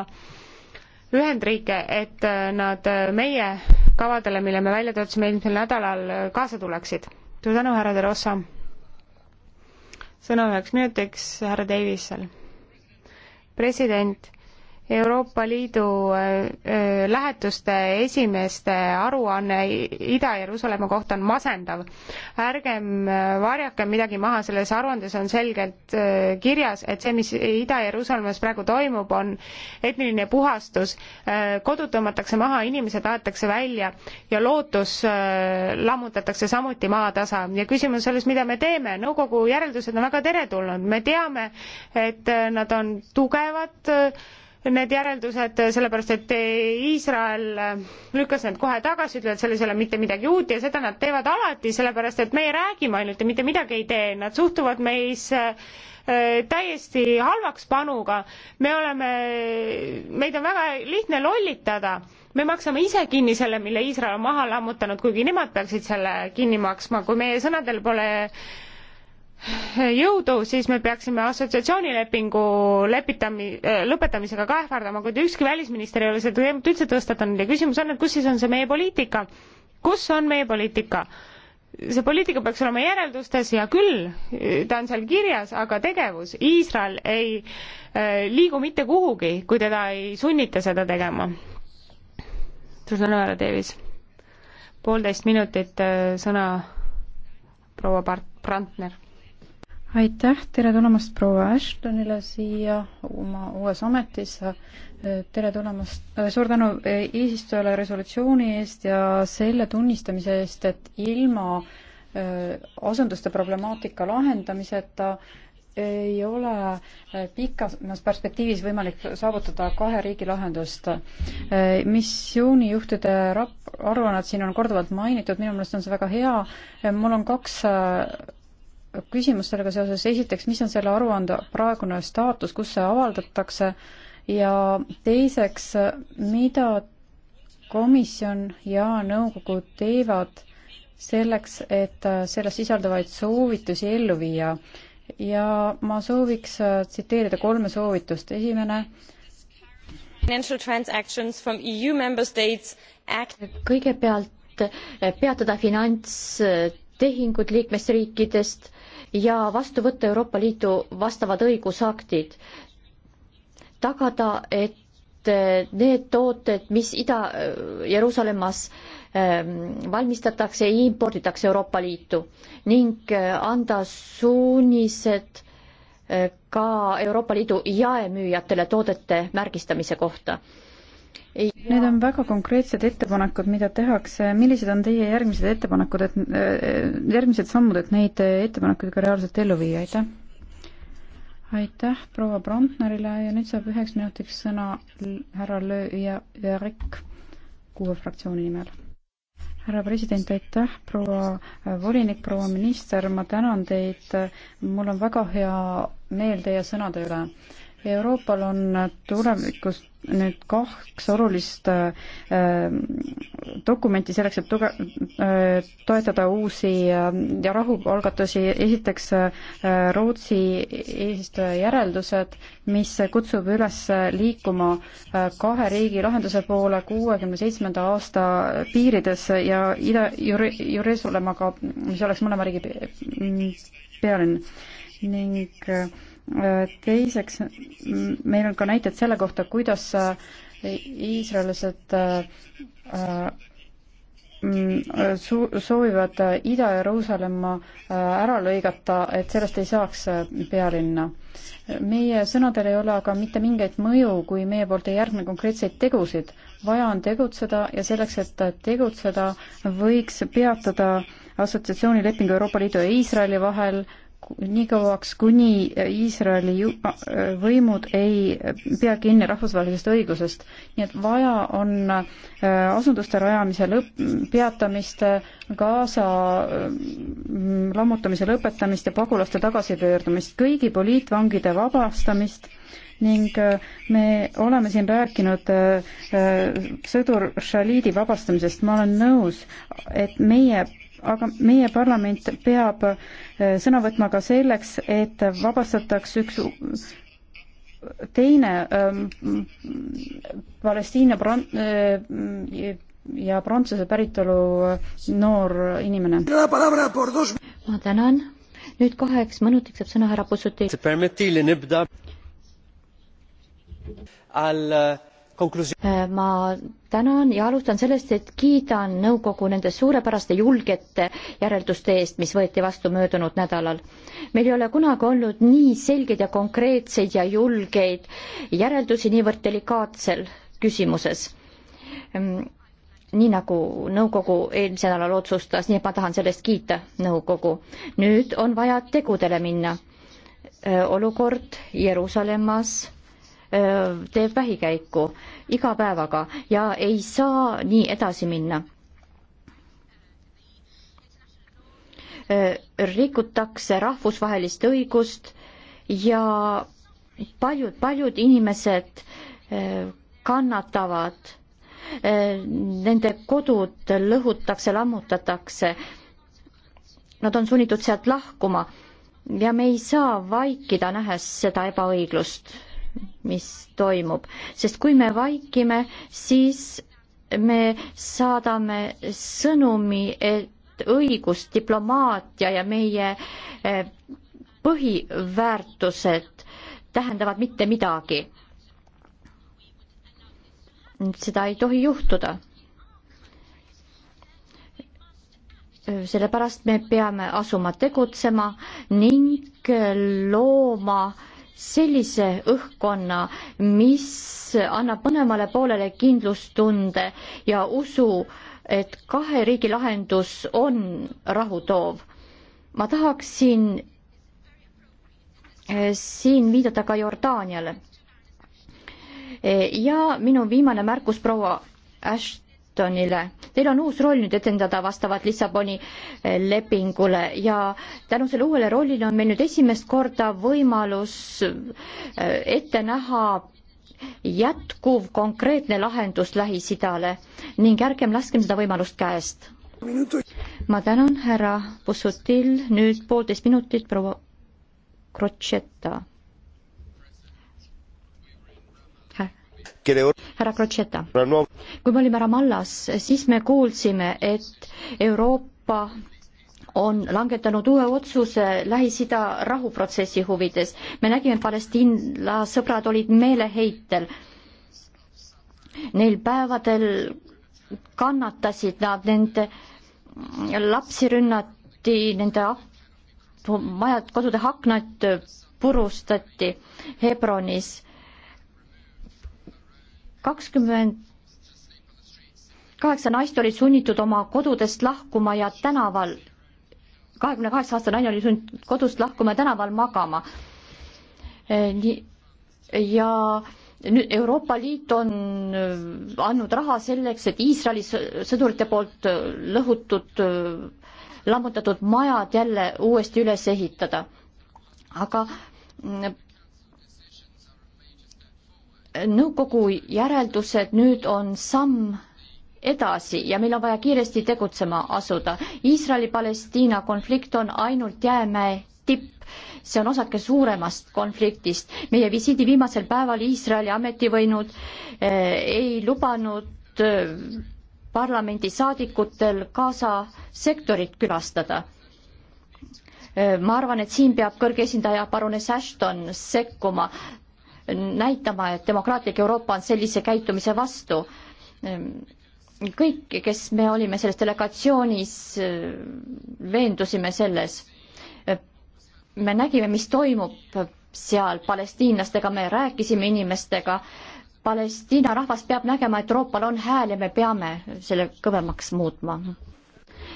Ühendriike, et äh, nad äh, meie kavadele, mille me välja töötasime eelmisel nädalal, äh, kaasa tuleksid. suur tänu, härra De Rossa. sõna üheks minutiks härra Davisel. president Euroopa Liidu äh, äh, lähetuste esimeeste aruanne Ida-Jeruulemma kohta on masendav. ärgem äh, varjakem midagi maha, selles aruandes on selgelt kirjas, et see, mis Ida-Jeruulemmas praegu toimub, on etniline puhastus, kodud tõmmatakse maha, inimesed aetakse välja ja lootus lammutatakse samuti maatasa ja küsimus selles, mida me teeme, nõukogu järeldused on väga teretulnud, me teame, et nad on tugevad, need järeldused, sellepärast et Iisrael äh, lükkas need kohe tagasi, ütleb, et selles ei ole mitte midagi uut ja seda nad teevad alati, sellepärast et meie räägime ainult ja mitte midagi ei tee, nad suhtuvad meisse äh, täiesti halvaks panuga. me oleme, meid on väga lihtne lollitada, me maksame ise kinni selle, mille Iisrael on maha lammutanud, kuigi nemad peaksid selle kinni maksma, kui meie sõnadel pole äh, jõudu, siis me peaksime assotsiatsioonilepingu lepitami-, lõpetamisega ka ähvardama, kuid ükski välisminister ei ole seda teemat üldse tõstatanud ja küsimus on, et kus siis on see meie poliitika? kus on meie poliitika? see poliitika peaks olema järeldustes, hea küll, ta on seal kirjas, aga tegevus, Iisrael ei äh, liigu mitte kuhugi, kui teda ei sunnita seda tegema. suur tänu, härra Davis. poolteist minutit äh, sõna proua Bart-, Brandner aitäh, tere tulemast proua Ashtonile siia oma uues ametis. tere tulemast, äh, suur tänu äh, eesistujale resolutsiooni eest ja selle tunnistamise eest, et ilma äh, asenduste problemaatika lahendamiseta ei ole pikas perspektiivis võimalik saavutada kahe riigi lahendust. missioonijuhtide rap-, aruannet siin on korduvalt mainitud, minu meelest on see väga hea. mul on kaks küsimust sellega seoses, esiteks, mis on selle aruande praegune staatus, kus see avaldatakse ja teiseks, mida komisjon ja nõukogu teevad selleks, et äh, selles sisalduvaid soovitusi ellu viia. ja ma sooviks äh, tsiteerida kolme soovitust. esimene, financial transactions from EU member states act kõigepealt äh, peatada finants tehingud liikmesriikidest ja vastu võtta Euroopa Liidu vastavad õigusaktid, tagada, et äh, need tooted, mis Ida-Jeruusalemmas äh, ähm, valmistatakse, imporditakse Euroopa Liitu ning äh, anda suunised ka Euroopa Liidu jaemüüjatele toodete märgistamise kohta Need on väga konkreetsed ettepanekud, mida tehakse, millised on teie järgmised ettepanekud, et äh, järgmised sammud, et neid äh, ettepanekuid ka reaalselt ellu viia, aitäh! aitäh proua Brandnerile ja nüüd saab üheks minutiks sõna härra Löö ja Jörek kuue fraktsiooni nimel. härra president, aitäh, proua äh, volinik, proua minister, ma tänan teid, mul on väga hea meel teie sõnade üle Euroopal on tulevikus nüüd kaks olulist äh, dokumenti selleks, et tuge- äh,, toetada uusi äh, ja rahualgatusi, esiteks äh, Rootsi eesistuja järeldused, mis kutsub üles liikuma äh, kahe riigi lahenduse poole kuuekümne seitsmenda aasta piirides ja Ida- Jure,, Jeruusalemmaga, mis oleks mõlema riigi mm, pealinn ning äh, Äh, teiseks, meil on ka näited selle kohta, kuidas äh, iisraellased äh, su-, soovivad Ida-Jeruusalemma ära lõigata, et sellest ei saaks pealinna. meie sõnadel ei ole aga mitte mingeid mõju, kui meie poolt ei järgne konkreetseid tegusid. vaja on tegutseda ja selleks, et tegutseda, võiks peatada assotsiatsioonileping Euroopa Liidu ja Iisraeli vahel äh, nii kauaks, kuni Iisraeli võimud ei pea kinni rahvusvahelisest õigusest. nii et vaja on äh, asunduste rajamise lõpp, peatamist, Gaza mm, lammutamise lõpetamist ja pagulaste tagasipöördumist, kõigi poliitvangide vabastamist ning äh, me oleme siin rääkinud äh, sõdur Shalidi vabastamisest, ma olen nõus, et meie aga meie parlament peab äh, sõna võtma ka selleks, et vabastataks üks teine ähm, Palestiina pran- äh, ja prantsuse päritolu äh, noor inimene. ma tänan, nüüd kaheks minutiks saab sõna härra Pussutil. Äh, ma tänan ja alustan sellest, et kiidan nõukogu nende suurepäraste julgete järelduste eest, mis võeti vastu möödunud nädalal. meil ei ole kunagi olnud nii selgeid ja konkreetseid ja julgeid järeldusi niivõrd delikaatsel küsimuses. Ehm, nii nagu nõukogu eelmisel nädalal otsustas, nii et ma tahan sellest kiita nõukogu. nüüd on vaja tegudele minna. Äh, olukord Jeruusalemmas teeb vähikäiku iga päevaga ja ei saa nii edasi minna. rikutakse rahvusvahelist õigust ja paljud-paljud inimesed kannatavad, nende kodud lõhutakse, lammutatakse, nad on sunnitud sealt lahkuma ja me ei saa vaikida, nähes seda ebaõiglust mis toimub, sest kui me vaikime, siis me saadame sõnumi, et õigus, diplomaatia ja meie eh, põhiväärtused tähendavad mitte midagi. seda ei tohi juhtuda. sellepärast me peame asuma tegutsema ning looma äh, sellise õhkkonna, mis annab mõlemale poolele kindlustunde ja usu, et kahe riigi lahendus on rahutoov. ma tahaksin eh, siin viidata ka Jordaaniale. Eh, ja minu viimane märkus proua Ash-, Ashtonile. Teil on uus roll nüüd etendada vastavalt Lissaboni eh, lepingule ja tänu sellele uuele rollile on meil nüüd esimest korda võimalus eh, ette näha jätkuv konkreetne lahendus Lähis-Idale ning ärgem laskem seda võimalust käest. ma tänan, härra Pussutil, nüüd poolteist minutit, proua Crocetta härra Crocetta, kui me olime Ramallas, siis me kuulsime, et Euroopa on langetanud uue otsuse Lähis-Ida rahuprotsessi huvides. me nägime, Palestiina sõbrad olid meeleheitel. Neil päevadel kannatasid nad, nende lapsi rünnati, nende majad, kodude aknad purustati Hebronis kakskümmend kaheksa naist olid sunnitud oma kodudest lahkuma ja tänaval, kahekümne kaheksa aastane naine oli sunnitud kodust lahkuma ja tänaval magama. ja nüüd Euroopa Liit on äh, andnud raha selleks, et Iisraeli sõdurite poolt äh, lõhutud, äh, lammutatud majad jälle uuesti üles ehitada. aga mm, nõukogu järeldused nüüd on samm edasi ja meil on vaja kiiresti tegutsema asuda. Iisraeli-Palestiina konflikt on ainult jäämäe tipp, see on osake suuremast konfliktist. meie visiidi viimasel päeval Iisraeli ametivõinud eh, ei lubanud eh, parlamendisaadikutel Gaza sektorit külastada eh,. ma arvan, et siin peab kõrge esindaja parunes Ashton sekkuma näitama, et demokraatlik Euroopa on sellise käitumise vastu. kõik, kes me olime selles delegatsioonis, veendusime selles. me nägime, mis toimub seal palestiinlastega, me rääkisime inimestega. Palestiina rahvas peab nägema, et Euroopal on hääl ja me peame selle kõvemaks muutma.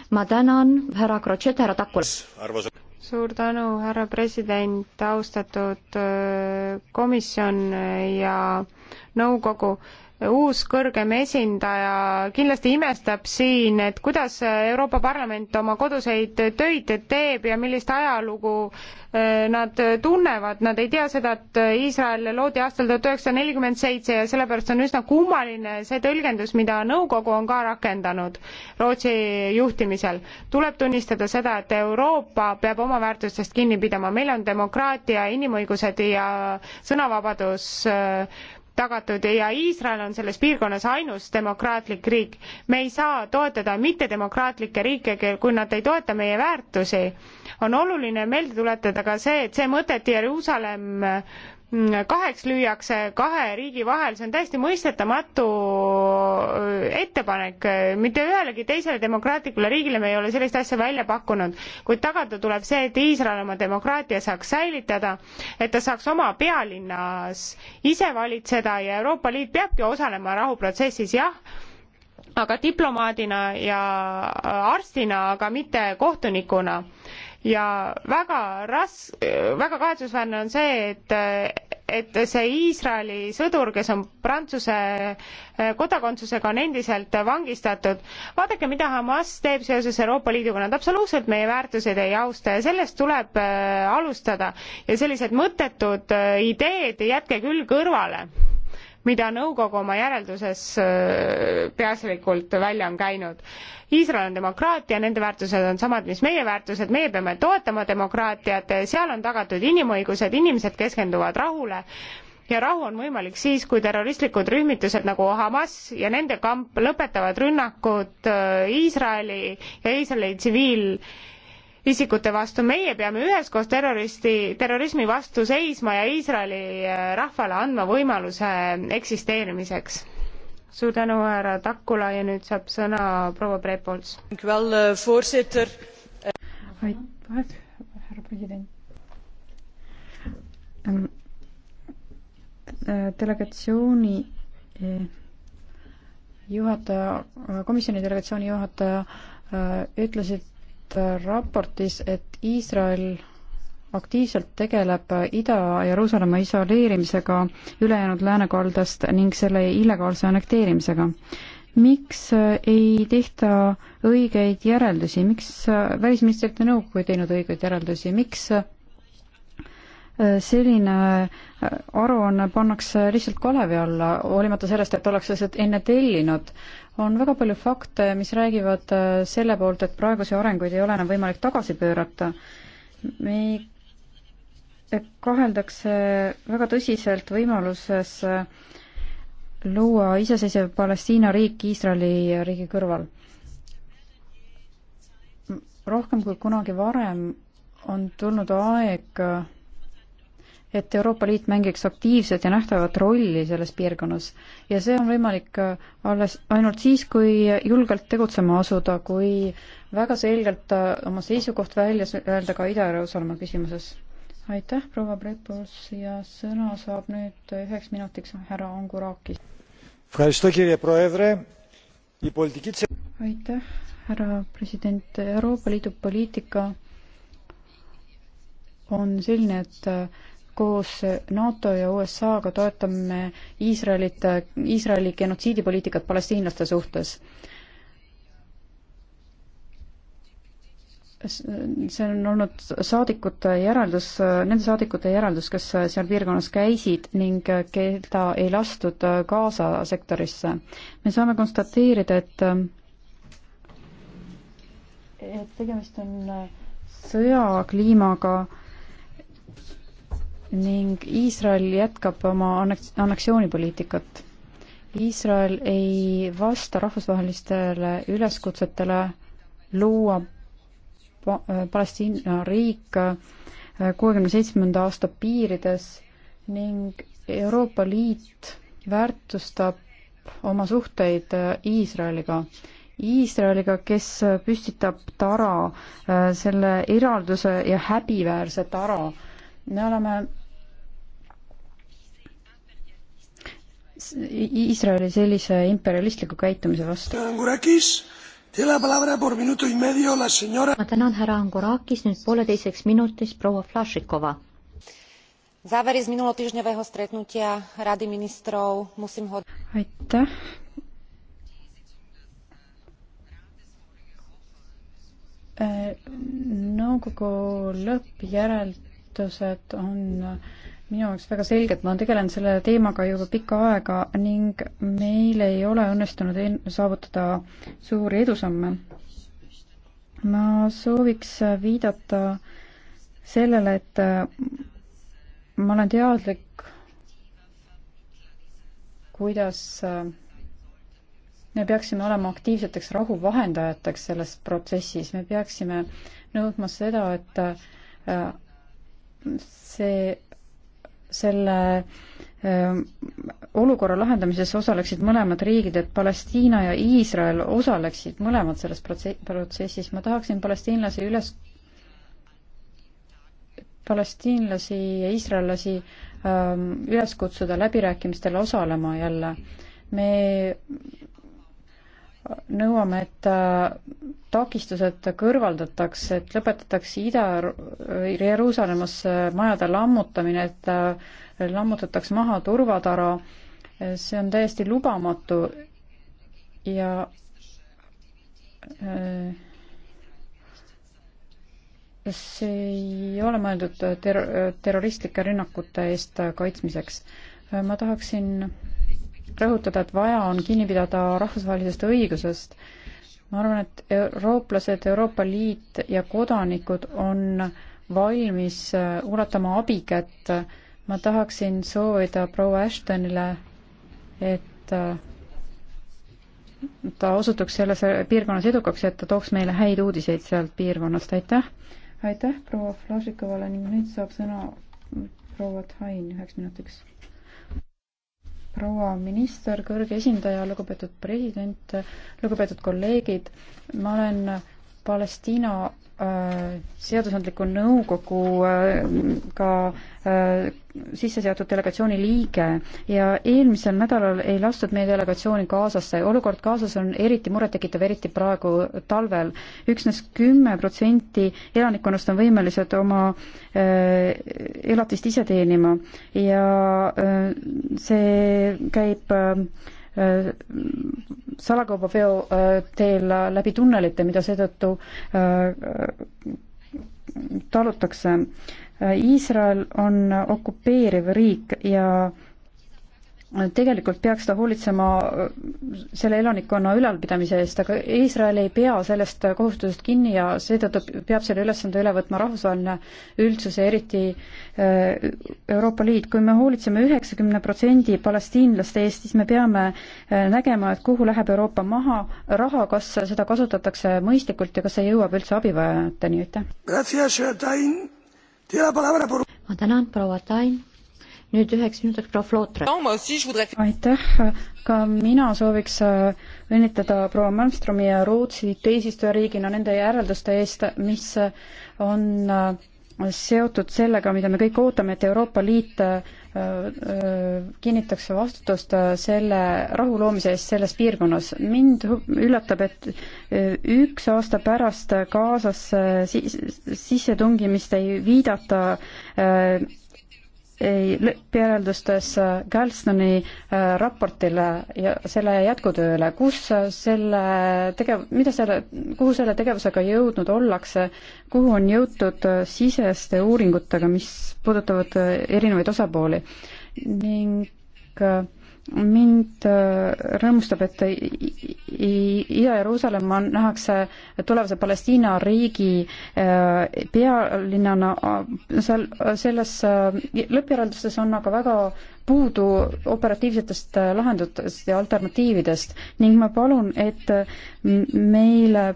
ma tänan härra Crochet, härra Takula suur tänu, härra president, austatud äh, komisjon ja nõukogu uus kõrgem esindaja kindlasti imestab siin, et kuidas Euroopa Parlament oma koduseid töid teeb ja millist ajalugu äh, nad tunnevad, nad ei tea seda, et Iisrael loodi aastal tuhat üheksasada nelikümmend seitse ja sellepärast on üsna kummaline see tõlgendus, mida nõukogu on ka rakendanud Rootsi juhtimisel. tuleb tunnistada seda, et Euroopa peab oma väärtustest kinni pidama, meil on demokraatia, inimõigused ja sõnavabadus äh, tagatud ja Iisrael on selles piirkonnas ainus demokraatlik riik. me ei saa toetada mittedemokraatlikke riike, kui nad ei toeta meie väärtusi. on oluline meelde tuletada ka see, et see mõte, et Jeruusalemm kaheks lüüakse kahe riigi vahel, see on täiesti mõistetamatu äh, ettepanek, mitte ühelegi teisele demokraatlikule riigile me ei ole sellist asja välja pakkunud. kuid tagada tuleb see, et Iisrael oma demokraatia saaks säilitada, et ta saaks oma pealinnas ise valitseda ja Euroopa Liit peabki osalema rahuprotsessis, jah, aga diplomaadina ja arstina, aga mitte kohtunikuna ja väga ras-, väga kahetsusväärne on see, et et see Iisraeli sõdur, kes on Prantsuse eh, kodakondsusega, on endiselt vangistatud. vaadake, mida Hamas teeb seoses Euroopa Liiduga, nad absoluutselt meie väärtuseid ei austa ja sellest tuleb eh, alustada. ja sellised mõttetud eh, ideed jätke küll kõrvale mida nõukogu oma järelduses äh, peaasjalikult välja on käinud. Iisrael on demokraatia, nende väärtused on samad, mis meie väärtused, meie peame toetama demokraatiat, seal on tagatud inimõigused, inimesed keskenduvad rahule ja rahu on võimalik siis, kui terroristlikud rühmitused nagu Hamas ja nende kamp lõpetavad rünnakud äh, Iisraeli ja Iisraeli tsiviil isikute vastu, meie peame üheskoos terroristi, terrorismi vastu seisma ja Iisraeli äh, rahvale andma võimaluse äh, eksisteerimiseks. suur tänu, härra Takula ja nüüd saab sõna proua Prepols. aitäh, härra president. Ehm, eh, delegatsiooni eh, juhataja, komisjoni delegatsiooni juhataja eh, ütlesid, Äh, raportis, et Iisrael aktiivselt tegeleb Ida-Jeruusalemma isoleerimisega ülejäänud läänekaldast ning selle illegaalse annekteerimisega. miks äh, ei tehta õigeid järeldusi, miks äh, Välisministrite Nõukogu ei teinud õigeid järeldusi, miks selline aruanne pannakse lihtsalt kalevi alla, hoolimata sellest, et ollakse seda enne tellinud on väga palju fakte, mis räägivad äh, selle poolt, et praegusi arenguid ei ole enam võimalik tagasi pöörata. me kaheldakse väga tõsiselt võimaluses äh, luua iseseisev Palestiina riik Iisraeli riigi kõrval. rohkem kui kunagi varem on tulnud aeg äh, et Euroopa Liit mängiks aktiivset ja nähtavat rolli selles piirkonnas. ja see on võimalik äh, alles, ainult siis, kui julgelt tegutsema asuda, kui väga selgelt äh, oma seisukoht välja öelda ka Ida-Jeruusalemma küsimuses. aitäh, proua Prepuls ja sõna saab nüüd üheks minutiks härra Angurakis. aitäh, härra president, Euroopa Liidu poliitika on selline, et äh, koos NATO ja USA-ga toetame Iisraelit, Iisraeli genotsiidipoliitikat palestiinlaste suhtes. see on olnud saadikute järeldus, nende saadikute järeldus, kes seal piirkonnas käisid ning keda ei lastud Gaza sektorisse. me saame konstateerida, et et tegemist on sõjakliimaga äh, ning Iisrael jätkab oma anneksioonipoliitikat. Iisrael ei vasta rahvusvahelistele üleskutsetele luua pa Palestiina riik äh, kuuekümne seitsmenda aasta piirides ning Euroopa Liit väärtustab oma suhteid äh, Iisraeliga. Iisraeliga, kes äh, püstitab tara, selle eralduse ja häbiväärse tara. me oleme Iisraeli sellise imperialistliku käitumise vastu. ma tänan, härra Angurakis, nüüd pooleteiseks minutiks proua Flašikova. Závery z minulotýždňového stretnutia Rady ministrov musím ho... Aitäh. Äh, nõukogu lõppjäreldused on minu jaoks väga selged, ma tegelen selle teemaga juba pikka aega ning meil ei ole õnnestunud en-, saavutada suuri edusamme. ma sooviks viidata sellele, et ma olen teadlik, kuidas me peaksime olema aktiivseteks rahuvahendajateks selles protsessis, me peaksime nõudma seda, et see selle ähm, olukorra lahendamises osaleksid mõlemad riigid, et Palestiina ja Iisrael osaleksid mõlemad selles protsessis. ma tahaksin palestiinlasi üles, palestiinlasi ja iisraellasi ähm, üles kutsuda läbirääkimistel osalema jälle. me nõuame, et äh, takistused kõrvaldataks, et lõpetatakse Ida-Jeruusalemmas äh, majade lammutamine, et äh, lammutatakse maha turvatara. see on täiesti lubamatu ja see ei ole mõeldud ter-, terroristlike rünnakute eest kaitsmiseks. ma tahaksin rõhutada, et vaja on kinni pidada rahvusvahelisest õigusest. ma arvan, et eurooplased, Euroopa Liit ja kodanikud on valmis äh, ulatama abikätt. ma tahaksin soovida proua Ashtonile, et äh, ta osutuks selles piirkonnas edukaks ja et ta tooks meile häid uudiseid sealt piirkonnast, aitäh! aitäh proua Flašikovale ning nüüd saab sõna proua Tain üheks minutiks proua minister, kõrge esindaja, lugupeetud president, lugupeetud kolleegid, ma olen Palestiina Äh, seadusandliku nõukoguga äh, äh, sisse seatud delegatsiooni liige ja eelmisel nädalal ei lastud meie delegatsiooni Gazasse. olukord Gazas on eriti murettekitav, eriti praegu talvel üksnes. üksnes kümme protsenti elanikkonnast on võimelised oma elatist ise teenima ja see käib Äh, salakaubaveo äh, teel läbi tunnelite, mida seetõttu äh, talutakse. Iisrael on okupeeriv riik ja tegelikult peaks ta hoolitsema äh, selle elanikkonna ülalpidamise eest, aga Iisrael ei pea sellest kohustusest kinni ja seetõttu peab selle ülesande üle võtma rahvusvaheline üldsus ja eriti äh, Euroopa Liit. kui me hoolitseme üheksakümne protsendi palestiinlaste eest, siis me peame äh, nägema, et kuhu läheb Euroopa maha raha, kas seda kasutatakse mõistlikult ja kas see jõuab üldse abivajajateni, aitäh! ma tänan, proua Tain nüüd üheks minutiks proua Flootre. aitäh, ka mina sooviks äh, õnnitleda proua Malmströmi ja Rootsit eesistujariigina nende järelduste eest, mis äh, on äh, seotud sellega, mida me kõik ootame, et Euroopa Liit kinnitaks vastutust selle rahu loomise eest selles piirkonnas. mind üllatab, et üks aasta pärast Gazasse sissetungimist ei viidata järeldustes äh, Galstoni äh, raportile ja selle jätkutööle, kus äh, selle tegev-, mida selle, kuhu selle tegevusega jõudnud ollakse, kuhu on jõutud siseste uuringutega, mis puudutavad erinevaid osapooli ning mind äh, rõõmustab, et Ida-Jeruusalemma nähakse tulevase Palestiina riigi äh, pealinnana, äh, seal, selles lõppjäreldustes on aga väga puudu operatiivsetest lahendustest ja alternatiividest ning ma palun, et meile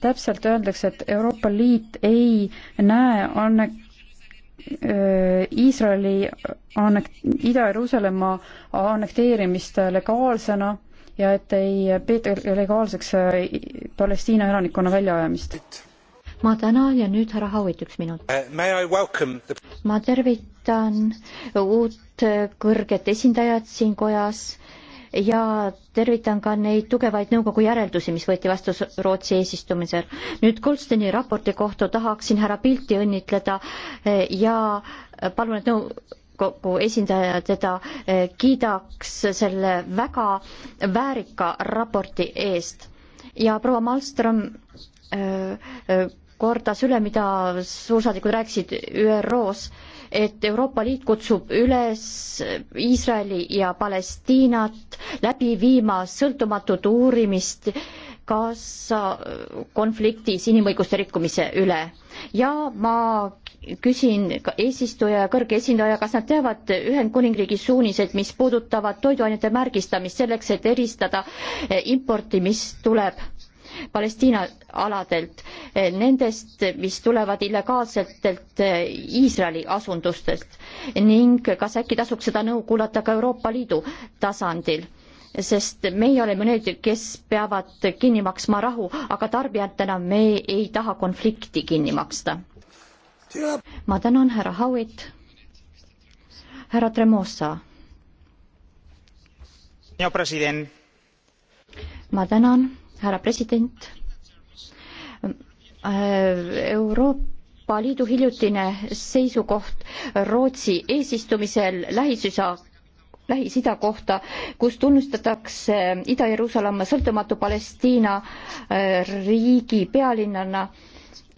täpselt öeldakse, et Euroopa Liit ei näe anne-, Äh, Iisraeli annek-, Ida-Jeruusalemma annekteerimist legaalsena ja et ei peeta legaalseks äh, Palestiina elanikkonna väljaajamist. ma tänan ja nüüd härra Howitt, üks minut uh,. The... ma tervitan uut kõrget esindajat siin kojas ja tervitan ka neid tugevaid nõukogu järeldusi, mis võeti vastu Rootsi eesistumisel. nüüd Goldsteini raporti kohta tahaksin härra Pilti õnnitleda eh, ja eh, palun, et nõukogu esindaja teda eh, kiidaks selle väga väärika raporti eest. ja proua Malmström kordas üle, mida suursaadikud rääkisid ÜRO-s et Euroopa Liit kutsub üles Iisraeli ja Palestiinat läbi viima sõltumatut uurimist Gaza konfliktis inimõiguste rikkumise üle ja ma küsin eesistuja ja kõrge esindaja, kas nad teavad Ühendkuningriigi suuniseid, mis puudutavad toiduainete märgistamist selleks, et eristada importi, mis tuleb Palestiina aladelt, eh, nendest, mis tulevad illegaalsetelt eh, Iisraeli asundustest ning kas äkki tasuks seda nõu kuulata ka Euroopa Liidu tasandil? sest meie oleme need, kes peavad kinni maksma rahu, aga tarbijatena me ei taha konflikti kinni maksta. ma tänan, härra Howitt. härra Tremosa. ma tänan härra president. Euroopa Liidu hiljutine seisukoht Rootsi eesistumisel Lähis-Üsa Lähis-Ida kohta, kus tunnustatakse Ida-Jeruusalemma sõltumatu Palestiina äh, riigi pealinnana,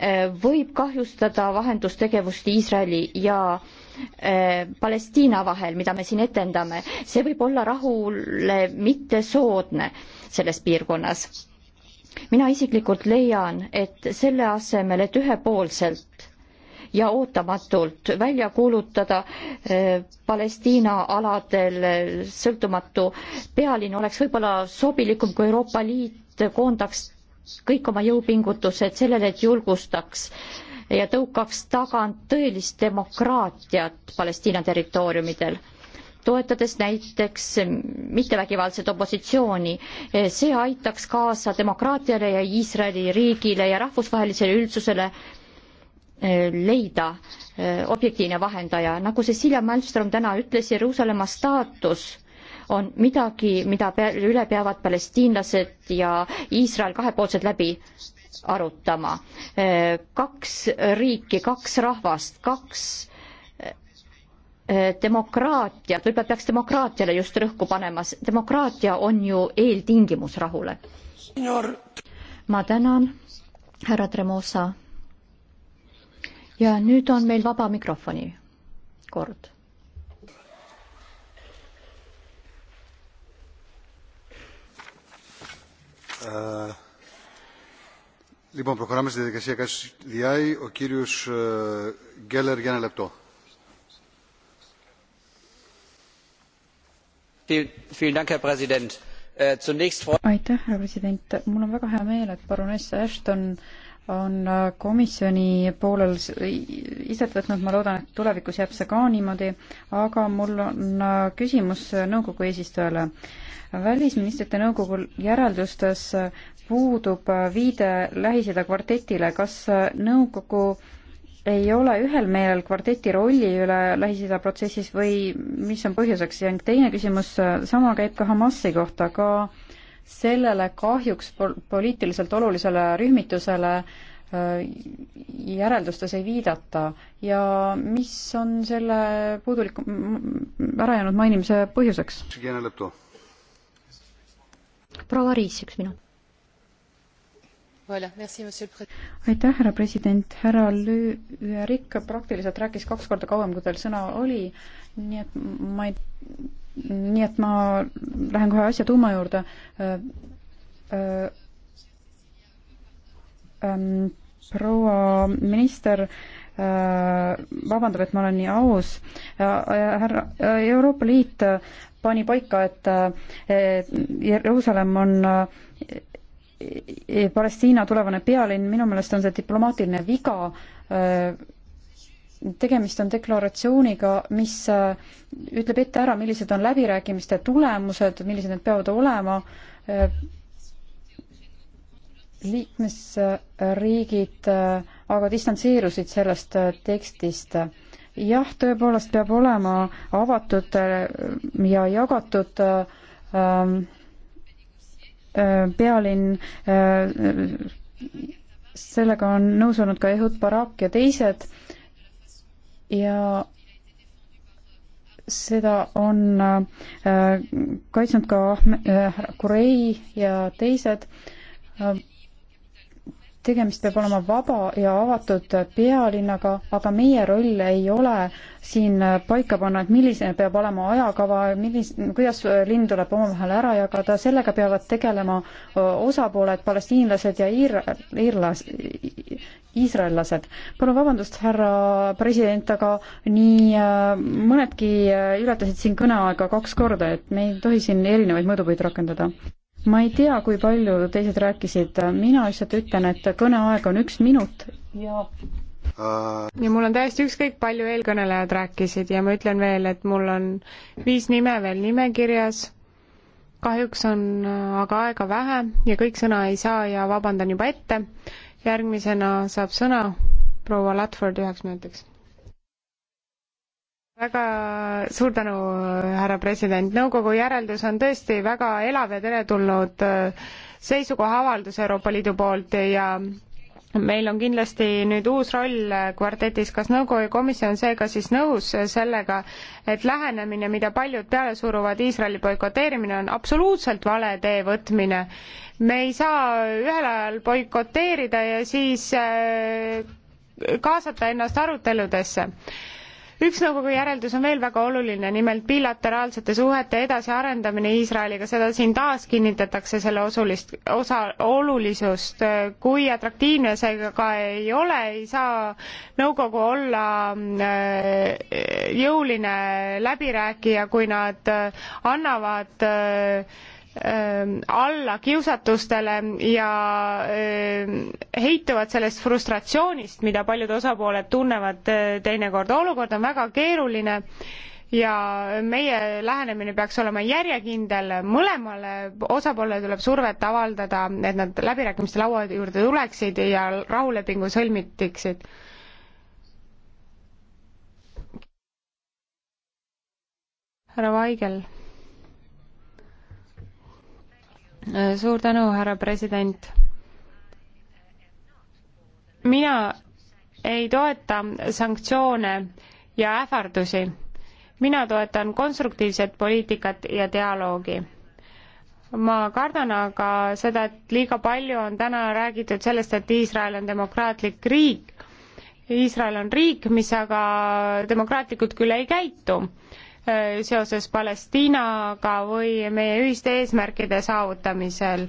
äh, võib kahjustada vahendustegevust Iisraeli ja äh, Palestiina vahel, mida me siin etendame, see võib olla rahule mittesoodne selles piirkonnas mina isiklikult leian, et selle asemel, et ühepoolselt ja ootamatult välja kuulutada eh, Palestiina aladel eh, sõltumatu pealinn, oleks võib-olla sobilikum, kui Euroopa Liit koondaks kõik oma jõupingutused sellele, et julgustaks ja tõukaks tagant tõelist demokraatiat Palestiina territooriumidel toetades näiteks mittevägivaldset opositsiooni. see aitaks kaasa demokraatiale ja Iisraeli riigile ja rahvusvahelisele üldsusele eh, leida eh, objektiivne vahendaja. nagu Cecilia Malmström täna ütles, Jeruusalemma staatus on midagi, mida üle peavad palestiinlased ja Iisrael kahepoolselt läbi arutama. Eh, kaks riiki, kaks rahvast, kaks Äh, demokraatiat, võib-olla peaks demokraatiale just rõhku panema, demokraatia on ju eeltingimus rahule. ma tänan, härra Tremosa. ja nüüd on meil vaba mikrofoni kord. Uh... Λοιπόν, προχωράμε στη διαδικασία Κασιδιάη. Ο κύριος Γκέλλερ για ένα λεπτό. Äh, aitäh, härra president, mul on väga hea meel, et baroness Ashton on äh, komisjoni poolel iset võtnud, ma loodan, et tulevikus jääb see ka niimoodi, aga mul on äh, küsimus nõukogu eesistujale. välisministrite nõukogul järeldustes puudub viide Lähis-Ida kvartetile, kas nõukogu äh, ei ole ühel meelel kvarteti rolli üle Lähis-Ida protsessis või mis on põhjuseks ja teine küsimus, sama käib ka Hamasi kohta, ka sellele kahjuks poliitiliselt olulisele rühmitusele äh, järeldustes ei viidata ja mis on selle puuduliku, ärajäänud mainimise põhjuseks? proua Riis, üks minut aitäh, härra president, härra Lüürik praktiliselt rääkis kaks korda kauem, kui tal sõna oli, nii et ma ei, nii et ma lähen kohe asja tuuma juurde äh,. Äh, ähm, proua minister äh, vabandab, et ma olen nii aus, äh, äh, härra, Euroopa Liit pani paika, et Jeruusalemm on Eh, Palestiina tulevane pealinn, minu meelest on see diplomaatiline viga. Eh, tegemist on deklaratsiooniga, mis eh, ütleb ette ära, millised on läbirääkimiste tulemused, millised need peavad olema. liikmesriigid aga distantseerusid sellest tekstist jah, tõepoolest peab olema avatud ja jagatud ähm, Äh, pealinn, äh, sellega on nõus olnud ka Ehud Barak ja teised ja seda on äh, kaitsnud ka Kurei ja teised tegemist peab olema vaba ja avatud pealinnaga, aga meie roll ei ole siin paika panna, et milline peab olema ajakava, millis-, kuidas linn tuleb omavahel ära jagada, sellega peavad tegelema osapooled, palestiinlased ja iir-, iirlas-, iisraellased. palun vabandust, härra president, aga nii mõnedki ületasid siin kõneaega kaks korda, et me ei tohi siin erinevaid mõõdupuid rakendada ma ei tea, kui palju teised rääkisid, mina lihtsalt ütlen, et kõneaeg on üks minut ja ja mul on täiesti ükskõik, palju eelkõnelejad rääkisid ja ma ütlen veel, et mul on viis nime veel nimekirjas. kahjuks on äh, aga aega vähe ja kõik sõna ei saa ja vabandan juba ette. järgmisena saab sõna proua Ladford üheks minutiks väga suur tänu, härra president, nõukogu järeldus on tõesti väga elav ja teretulnud äh, seisukohaavaldus Euroopa Liidu poolt ja meil on kindlasti nüüd uus roll äh, kvartetis, kas nõukogu ja komisjon seega siis nõus äh, sellega, et lähenemine, mida paljud peale suruvad, Iisraeli boikoteerimine on absoluutselt vale tee võtmine. me ei saa ühel ajal boikoteerida ja siis kaasata ennast aruteludesse üks nõukogu järeldus on veel väga oluline, nimelt bilateraalsete suhete edasiarendamine Iisraeliga, seda siin taas kinnitatakse, selle osulist, osa, olulisust. kui atraktiivne see ka ei ole, ei saa nõukogu olla äh, jõuline läbirääkija, kui nad äh, annavad äh, Ähm, alla kiusatustele ja ähm, heituvad sellest frustratsioonist, mida paljud osapooled tunnevad äh, teinekord. olukord on väga keeruline ja meie lähenemine peaks olema järjekindel, mõlemale osapoolele tuleb survet avaldada, et nad läbirääkimiste laua juurde tuleksid ja rahulepingu sõlmitiksid härra Vaigel suur tänu, härra president. mina ei toeta sanktsioone ja ähvardusi. mina toetan konstruktiivset poliitikat ja dialoogi ma kardan aga seda, et liiga palju on täna räägitud sellest, et Iisrael on demokraatlik riik. Iisrael on riik, mis aga demokraatlikult küll ei käitu Äh, seoses Palestiinaga või meie ühiste eesmärkide saavutamisel.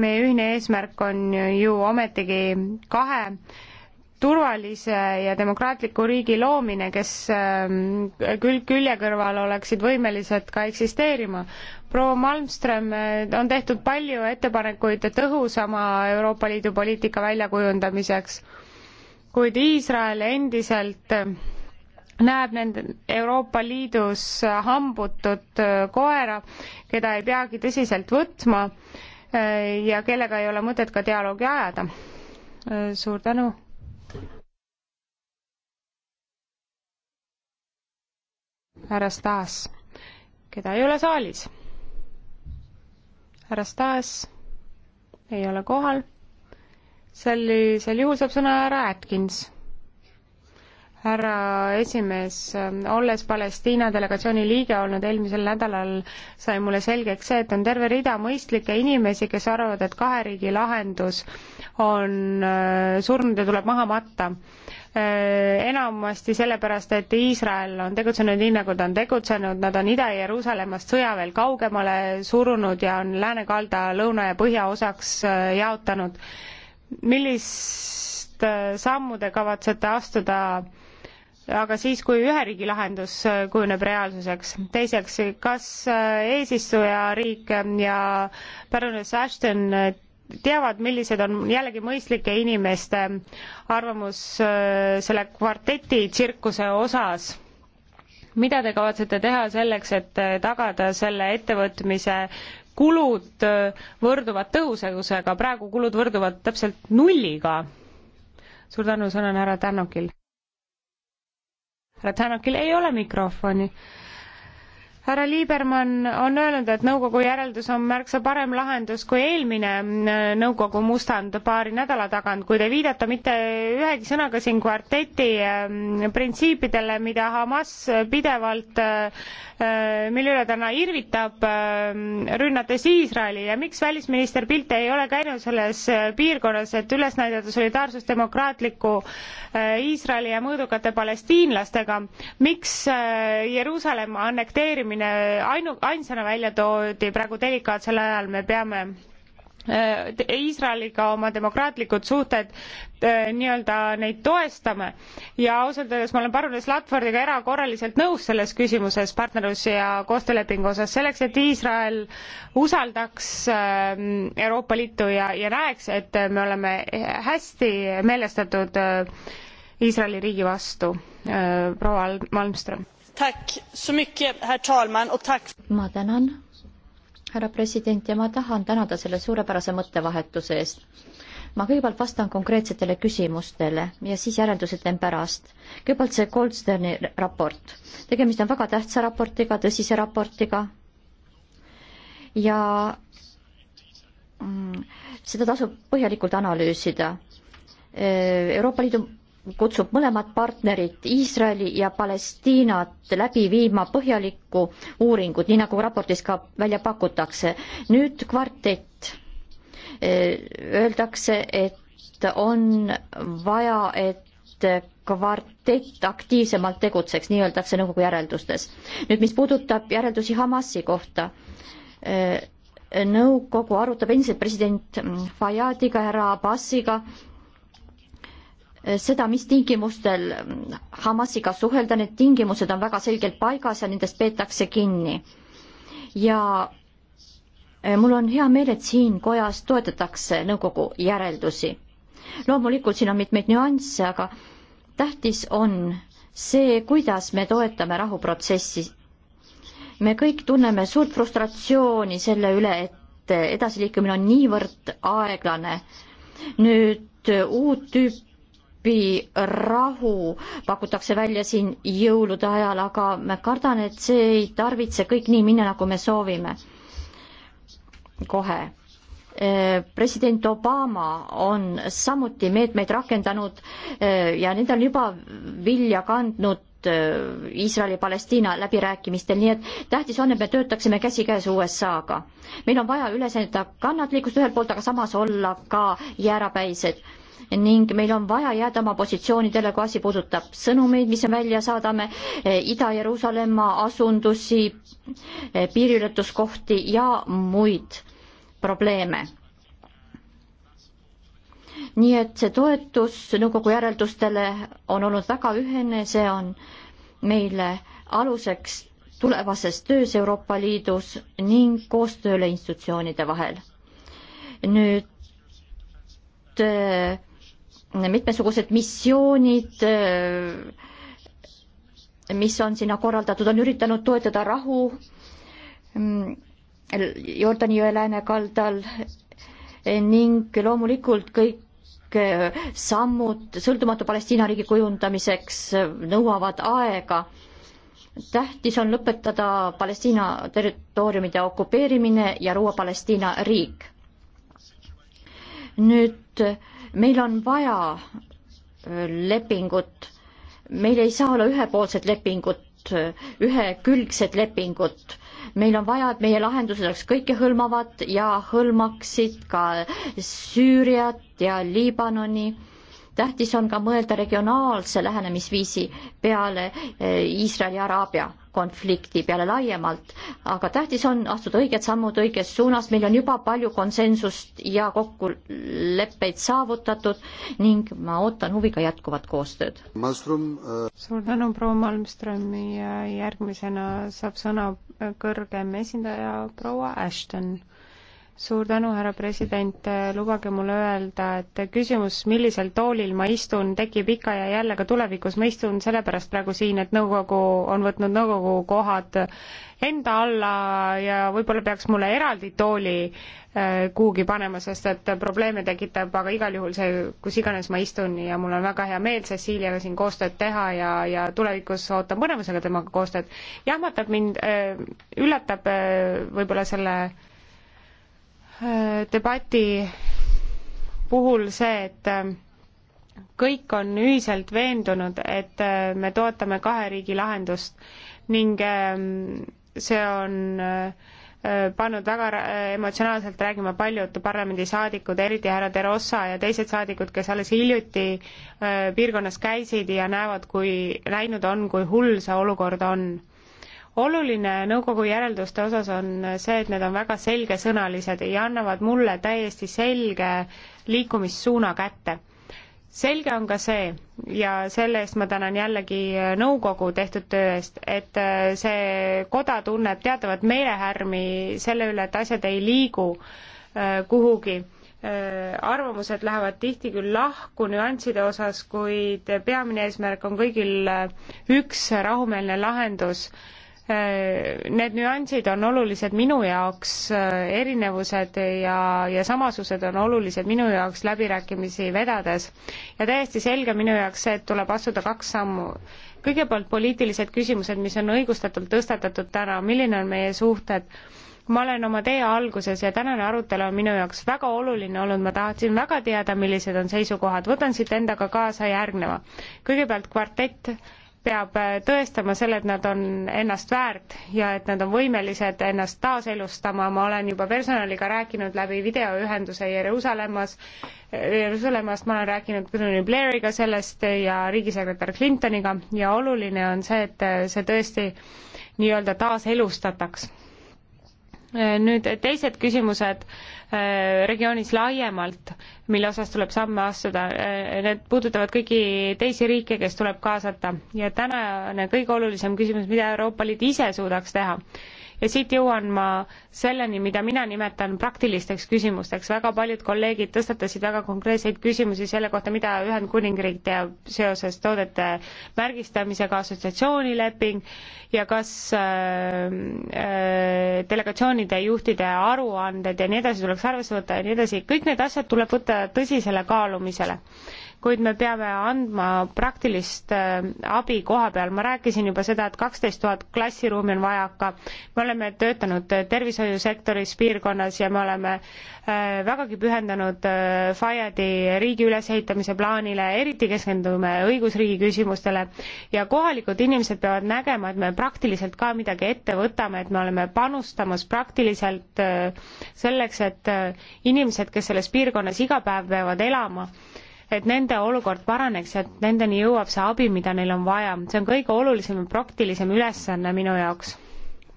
meie ühine eesmärk on ju ometigi kahe turvalise ja demokraatliku riigi loomine, kes ähm, külg külje kõrval oleksid võimelised ka eksisteerima. proua Malmström, äh, on tehtud palju ettepanekuid tõhusama Euroopa Liidu poliitika väljakujundamiseks, kuid Iisrael endiselt näeb nende Euroopa Liidus hambutud äh, koera, keda ei peagi tõsiselt võtma äh, ja kellega ei ole mõtet ka dialoogi ajada. Äh, suur tänu. härra Stas, keda ei ole saalis. härra Stas ei ole kohal. sellisel juhul saab sõna härra Atkins härra esimees, olles Palestiina delegatsiooni liige olnud eelmisel nädalal, sai mulle selgeks see, et on terve rida mõistlikke inimesi, kes arvavad, et kahe riigi lahendus on äh, surnud ja tuleb maha matta. Äh, enamasti sellepärast, et Iisrael on tegutsenud nii, nagu ta on tegutsenud, nad on Ida-Jeruusalemmast sõja veel kaugemale surunud ja on lääne kalda lõuna ja põhja osaks äh, jaotanud. millist sammu te kavatsete astuda aga siis, kui ühe riigi lahendus äh, kujuneb reaalsuseks. teiseks, kas äh, eesistujariik äh, ja Baroness Ashton teavad, millised on jällegi mõistlike inimeste arvamus selle kvarteti tsirkuse osas? mida te kavatsete teha selleks, et tagada selle ettevõtmise kulud võrduvad tõhususega, praegu kulud võrduvad täpselt nulliga. suur tänu, sõna on härra Tänokil härra Tänakil ei ole mikrofoni härra Liibermann on öelnud, et nõukogu järeldus on märksa parem lahendus kui eelmine äh, nõukogu mustand paari nädala tagant, kuid ei viidata mitte ühegi sõnaga siin kvarteti ähm, printsiipidele, mida Hamas pidevalt, äh, äh, mille üle täna irvitab, ähm, rünnates Iisraeli ja miks välisminister Pilt ei ole käinud selles piirkonnas, et üles näidata solidaarsust demokraatliku Iisraeli ja mõõdukate palestiinlastega, miks Jeruusalemma annekteerimine vähendamine ainu-, ainsana välja toodi praegu delikaatsel ajal, me peame äh, Iisraeliga oma demokraatlikud suhted äh, nii-öelda neid toestame ja ausalt öeldes ma olen parunes Latfordiga erakorraliselt nõus selles küsimuses partnerlus- ja koostöölepingu osas, selleks et Iisrael usaldaks äh, Euroopa Liitu ja, ja näeks, et me oleme hästi meelestatud Iisraeli riigi vastu. proua Malmström ma tänan, härra president, ja ma tahan tänada selle suurepärase mõttevahetuse eest. ma kõigepealt vastan konkreetsetele küsimustele ja siis järeldused teen pärast. kõigepealt see Goldsterni raport. tegemist on väga tähtsa raportiga, tõsise raportiga ja mm, seda tasub põhjalikult analüüsida. Euroopa Liidu kutsub mõlemad partnerid, Iisraeli ja Palestiinat, läbi viima põhjalikku uuringut, nii nagu raportis ka välja pakutakse. nüüd kvartett. Öeldakse, et on vaja, et kvartett aktiivsemalt tegutseks, nii öeldakse nõukogu järeldustes. nüüd, mis puudutab järeldusi Hamasi kohta, nõukogu arutab endiselt president Fayadiga, härra Abbasiga, Äh, seda, mis tingimustel mm, Hamasiga suhelda, need tingimused on väga selgelt paigas ja nendest peetakse kinni. ja äh, mul on hea meel, et siin kojas toetatakse nõukogu järeldusi. loomulikult siin on mitmeid nüansse, aga tähtis on see, kuidas me toetame rahuprotsessi. me kõik tunneme suurt frustratsiooni selle üle, et edasiliikumine on niivõrd aeglane. nüüd äh, uut tüüpi appi rahu pakutakse välja siin jõulude ajal, aga ma kardan, et see ei tarvitse kõik nii minna, nagu me soovime. kohe. Äh, president Obama on samuti meetmeid rakendanud äh, ja need on juba vilja kandnud äh, Iisraeli-Palestiina läbirääkimistel, nii et tähtis on, et me töötaksime käsikäes USA-ga. meil on vaja üles enda kannatlikkust ühelt poolt, aga samas olla ka jäärapäised ning meil on vaja jääda oma positsioonidele, kui asi puudutab sõnumeid, mis me välja saadame, eh, Ida-Jeruusalemma asundusi, eh, piiriületuskohti ja muid probleeme nii et see toetus nõukogu järeldustele on olnud väga ühene, see on meile aluseks tulevases töös Euroopa Liidus ning koostööle institutsioonide vahel. nüüd eh, mitmesugused missioonid, mis on sinna korraldatud, on üritanud toetada rahu Jordani jõe läänekaldal ning loomulikult kõik sammud sõltumatu Palestiina riigi kujundamiseks nõuavad aega. tähtis on lõpetada Palestiina territooriumide okupeerimine ja luua Palestiina riik. nüüd meil on vaja lepingut, meil ei saa olla ühepoolset lepingut, ühekülgset lepingut meil on vaja, et meie lahendused oleks kõikehõlmavad ja hõlmaksid ka Süüriat ja Liibanoni. tähtis on ka mõelda regionaalse lähenemisviisi peale Iisraeli ja Araabia konflikti peale laiemalt, aga tähtis on astuda õiged sammud õiges suunas, meil on juba palju konsensust ja kokkuleppeid saavutatud ning ma ootan huviga jätkuvat koostööd. Äh... suur tänu, proua Malmström ja järgmisena saab sõna kõrgem esindaja proua Ashton suur tänu, härra president, lubage mul öelda, et küsimus, millisel toolil ma istun, tekib ikka ja jälle ka tulevikus, ma istun sellepärast praegu siin, et nõukogu on võtnud nõukogu kohad enda alla ja võib-olla peaks mulle eraldi tooli äh, kuhugi panema, sest et probleeme tekitab, aga igal juhul see, kus iganes ma istun ja mul on väga hea meel Ceciliaga siin koostööd teha ja, ja tulevikus ootan põnevusega temaga koostööd. jahmatab mind, äh, üllatab äh, võib-olla selle Äh, debati puhul see, et äh, kõik on ühiselt veendunud, et äh, me toetame kahe riigi lahendust ning see on pannud väga emotsionaalselt räägima paljud parlamendisaadikud, eriti härra Derossa ja teised saadikud, kes alles hiljuti piirkonnas käisid ja näevad, kui, näinud on, kui hull see olukord on oluline nõukogu järelduste osas on see, et need on väga selgesõnalised ja annavad mulle täiesti selge liikumissuuna kätte. selge on ka see ja selle eest ma tänan jällegi nõukogu tehtud töö eest, et see koda tunneb teatavat meelehärmi selle üle, et asjad ei liigu äh, kuhugi äh, arvamused lähevad tihti küll lahku nüansside osas, kuid peamine eesmärk on kõigil äh, üks rahumeelne lahendus Need nüansid on olulised minu jaoks, erinevused ja, ja samasused on olulised minu jaoks läbirääkimisi vedades. ja täiesti selge minu jaoks see, et tuleb astuda kaks sammu. kõigepealt poliitilised küsimused, mis on õigustatult tõstatatud täna, milline on meie suhted ma olen oma tee alguses ja tänane arutelu on minu jaoks väga oluline olnud, ma tahtsin väga teada, millised on seisukohad, võtan siit endaga kaasa järgneva. kõigepealt kvartett peab äh, tõestama selle, et nad on ennast väärt ja et nad on võimelised ennast taaselustama, ma olen juba personaliga rääkinud läbi videoühenduse Jeruusalemmas, Jeruusalemmast ma olen rääkinud Tony Blairiga sellest ja riigisekretär Clintoniga ja oluline on see, et äh, see tõesti nii-öelda taaselustataks äh, nüüd teised küsimused, Äh, regioonis laiemalt, mille osas tuleb samme astuda. Äh, need puudutavad kõiki teisi riike, kes tuleb kaasata ja tänane kõige olulisem küsimus, mida Euroopa Liit ise suudaks teha. ja siit jõuan ma selleni, mida mina nimetan praktilisteks küsimusteks. väga paljud kolleegid tõstatasid väga konkreetseid küsimusi selle kohta, mida Ühendkuningriik teab seoses toodete märgistamisega, assotsiatsioonileping ja kas äh, äh, delegatsioonide juhtide aruanded ja nii edasi tuleks tuleks arvesse võtta ja nii edasi, kõik need asjad tuleb võtta tõsisele kaalumisele kuid me peame andma praktilist äh, abi koha peal. ma rääkisin juba seda, et kaksteist tuhat klassiruumi on vajaka. me oleme töötanud äh, tervishoiusektoris piirkonnas ja me oleme äh, vägagi pühendanud FIAD-i riigi ülesehitamise plaanile, eriti keskendume õigusriigi küsimustele ja kohalikud inimesed peavad nägema, et me praktiliselt ka midagi ette võtame, et me oleme panustamas praktiliselt selleks, et inimesed, kes selles piirkonnas iga päev peavad elama, et nende olukord paraneks, et nendeni jõuab see abi, mida neil on vaja. see on kõige olulisem ja praktilisem ülesanne minu jaoks.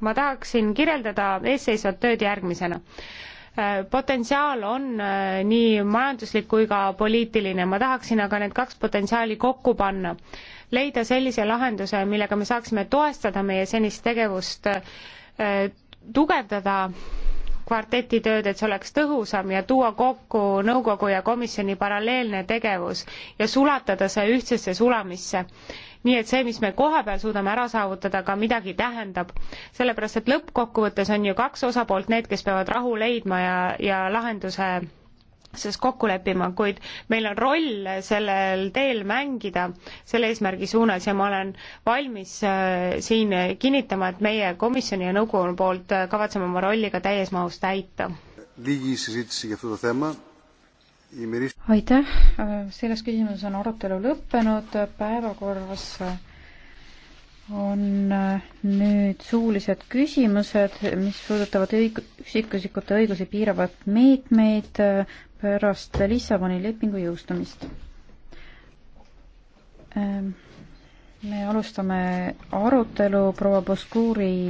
ma tahaksin kirjeldada eesseisvat tööd järgmisena. Äh, potentsiaal on äh, nii majanduslik kui ka poliitiline, ma tahaksin aga need kaks potentsiaali kokku panna, leida sellise lahenduse, millega me saaksime toestada meie senist tegevust, äh, tugevdada kvarteti tööd, et see oleks tõhusam ja tuua kokku nõukogu ja komisjoni paralleelne tegevus ja sulatada see ühtsesse sulamisse. nii et see, mis me kohapeal suudame ära saavutada, ka midagi tähendab. sellepärast, et lõppkokkuvõttes on ju kaks osapoolt need, kes peavad rahu leidma ja, ja lahenduse selles kokku leppima, kuid meil on roll sellel teel mängida selle eesmärgi suunas ja ma olen valmis äh, siin kinnitama, et meie komisjoni ja nõukogu poolt äh, kavatseme oma rolli ka täies mahus täita. aitäh, äh, selles küsimuses on arutelu lõppenud, päevakorras on äh, nüüd suulised küsimused, mis puudutavad õig-, üksikuisikute õigusi piiravad meetmeid äh, pärast Lissaboni lepingu jõustumist. Ähm, me alustame arutelu proua Boskuuri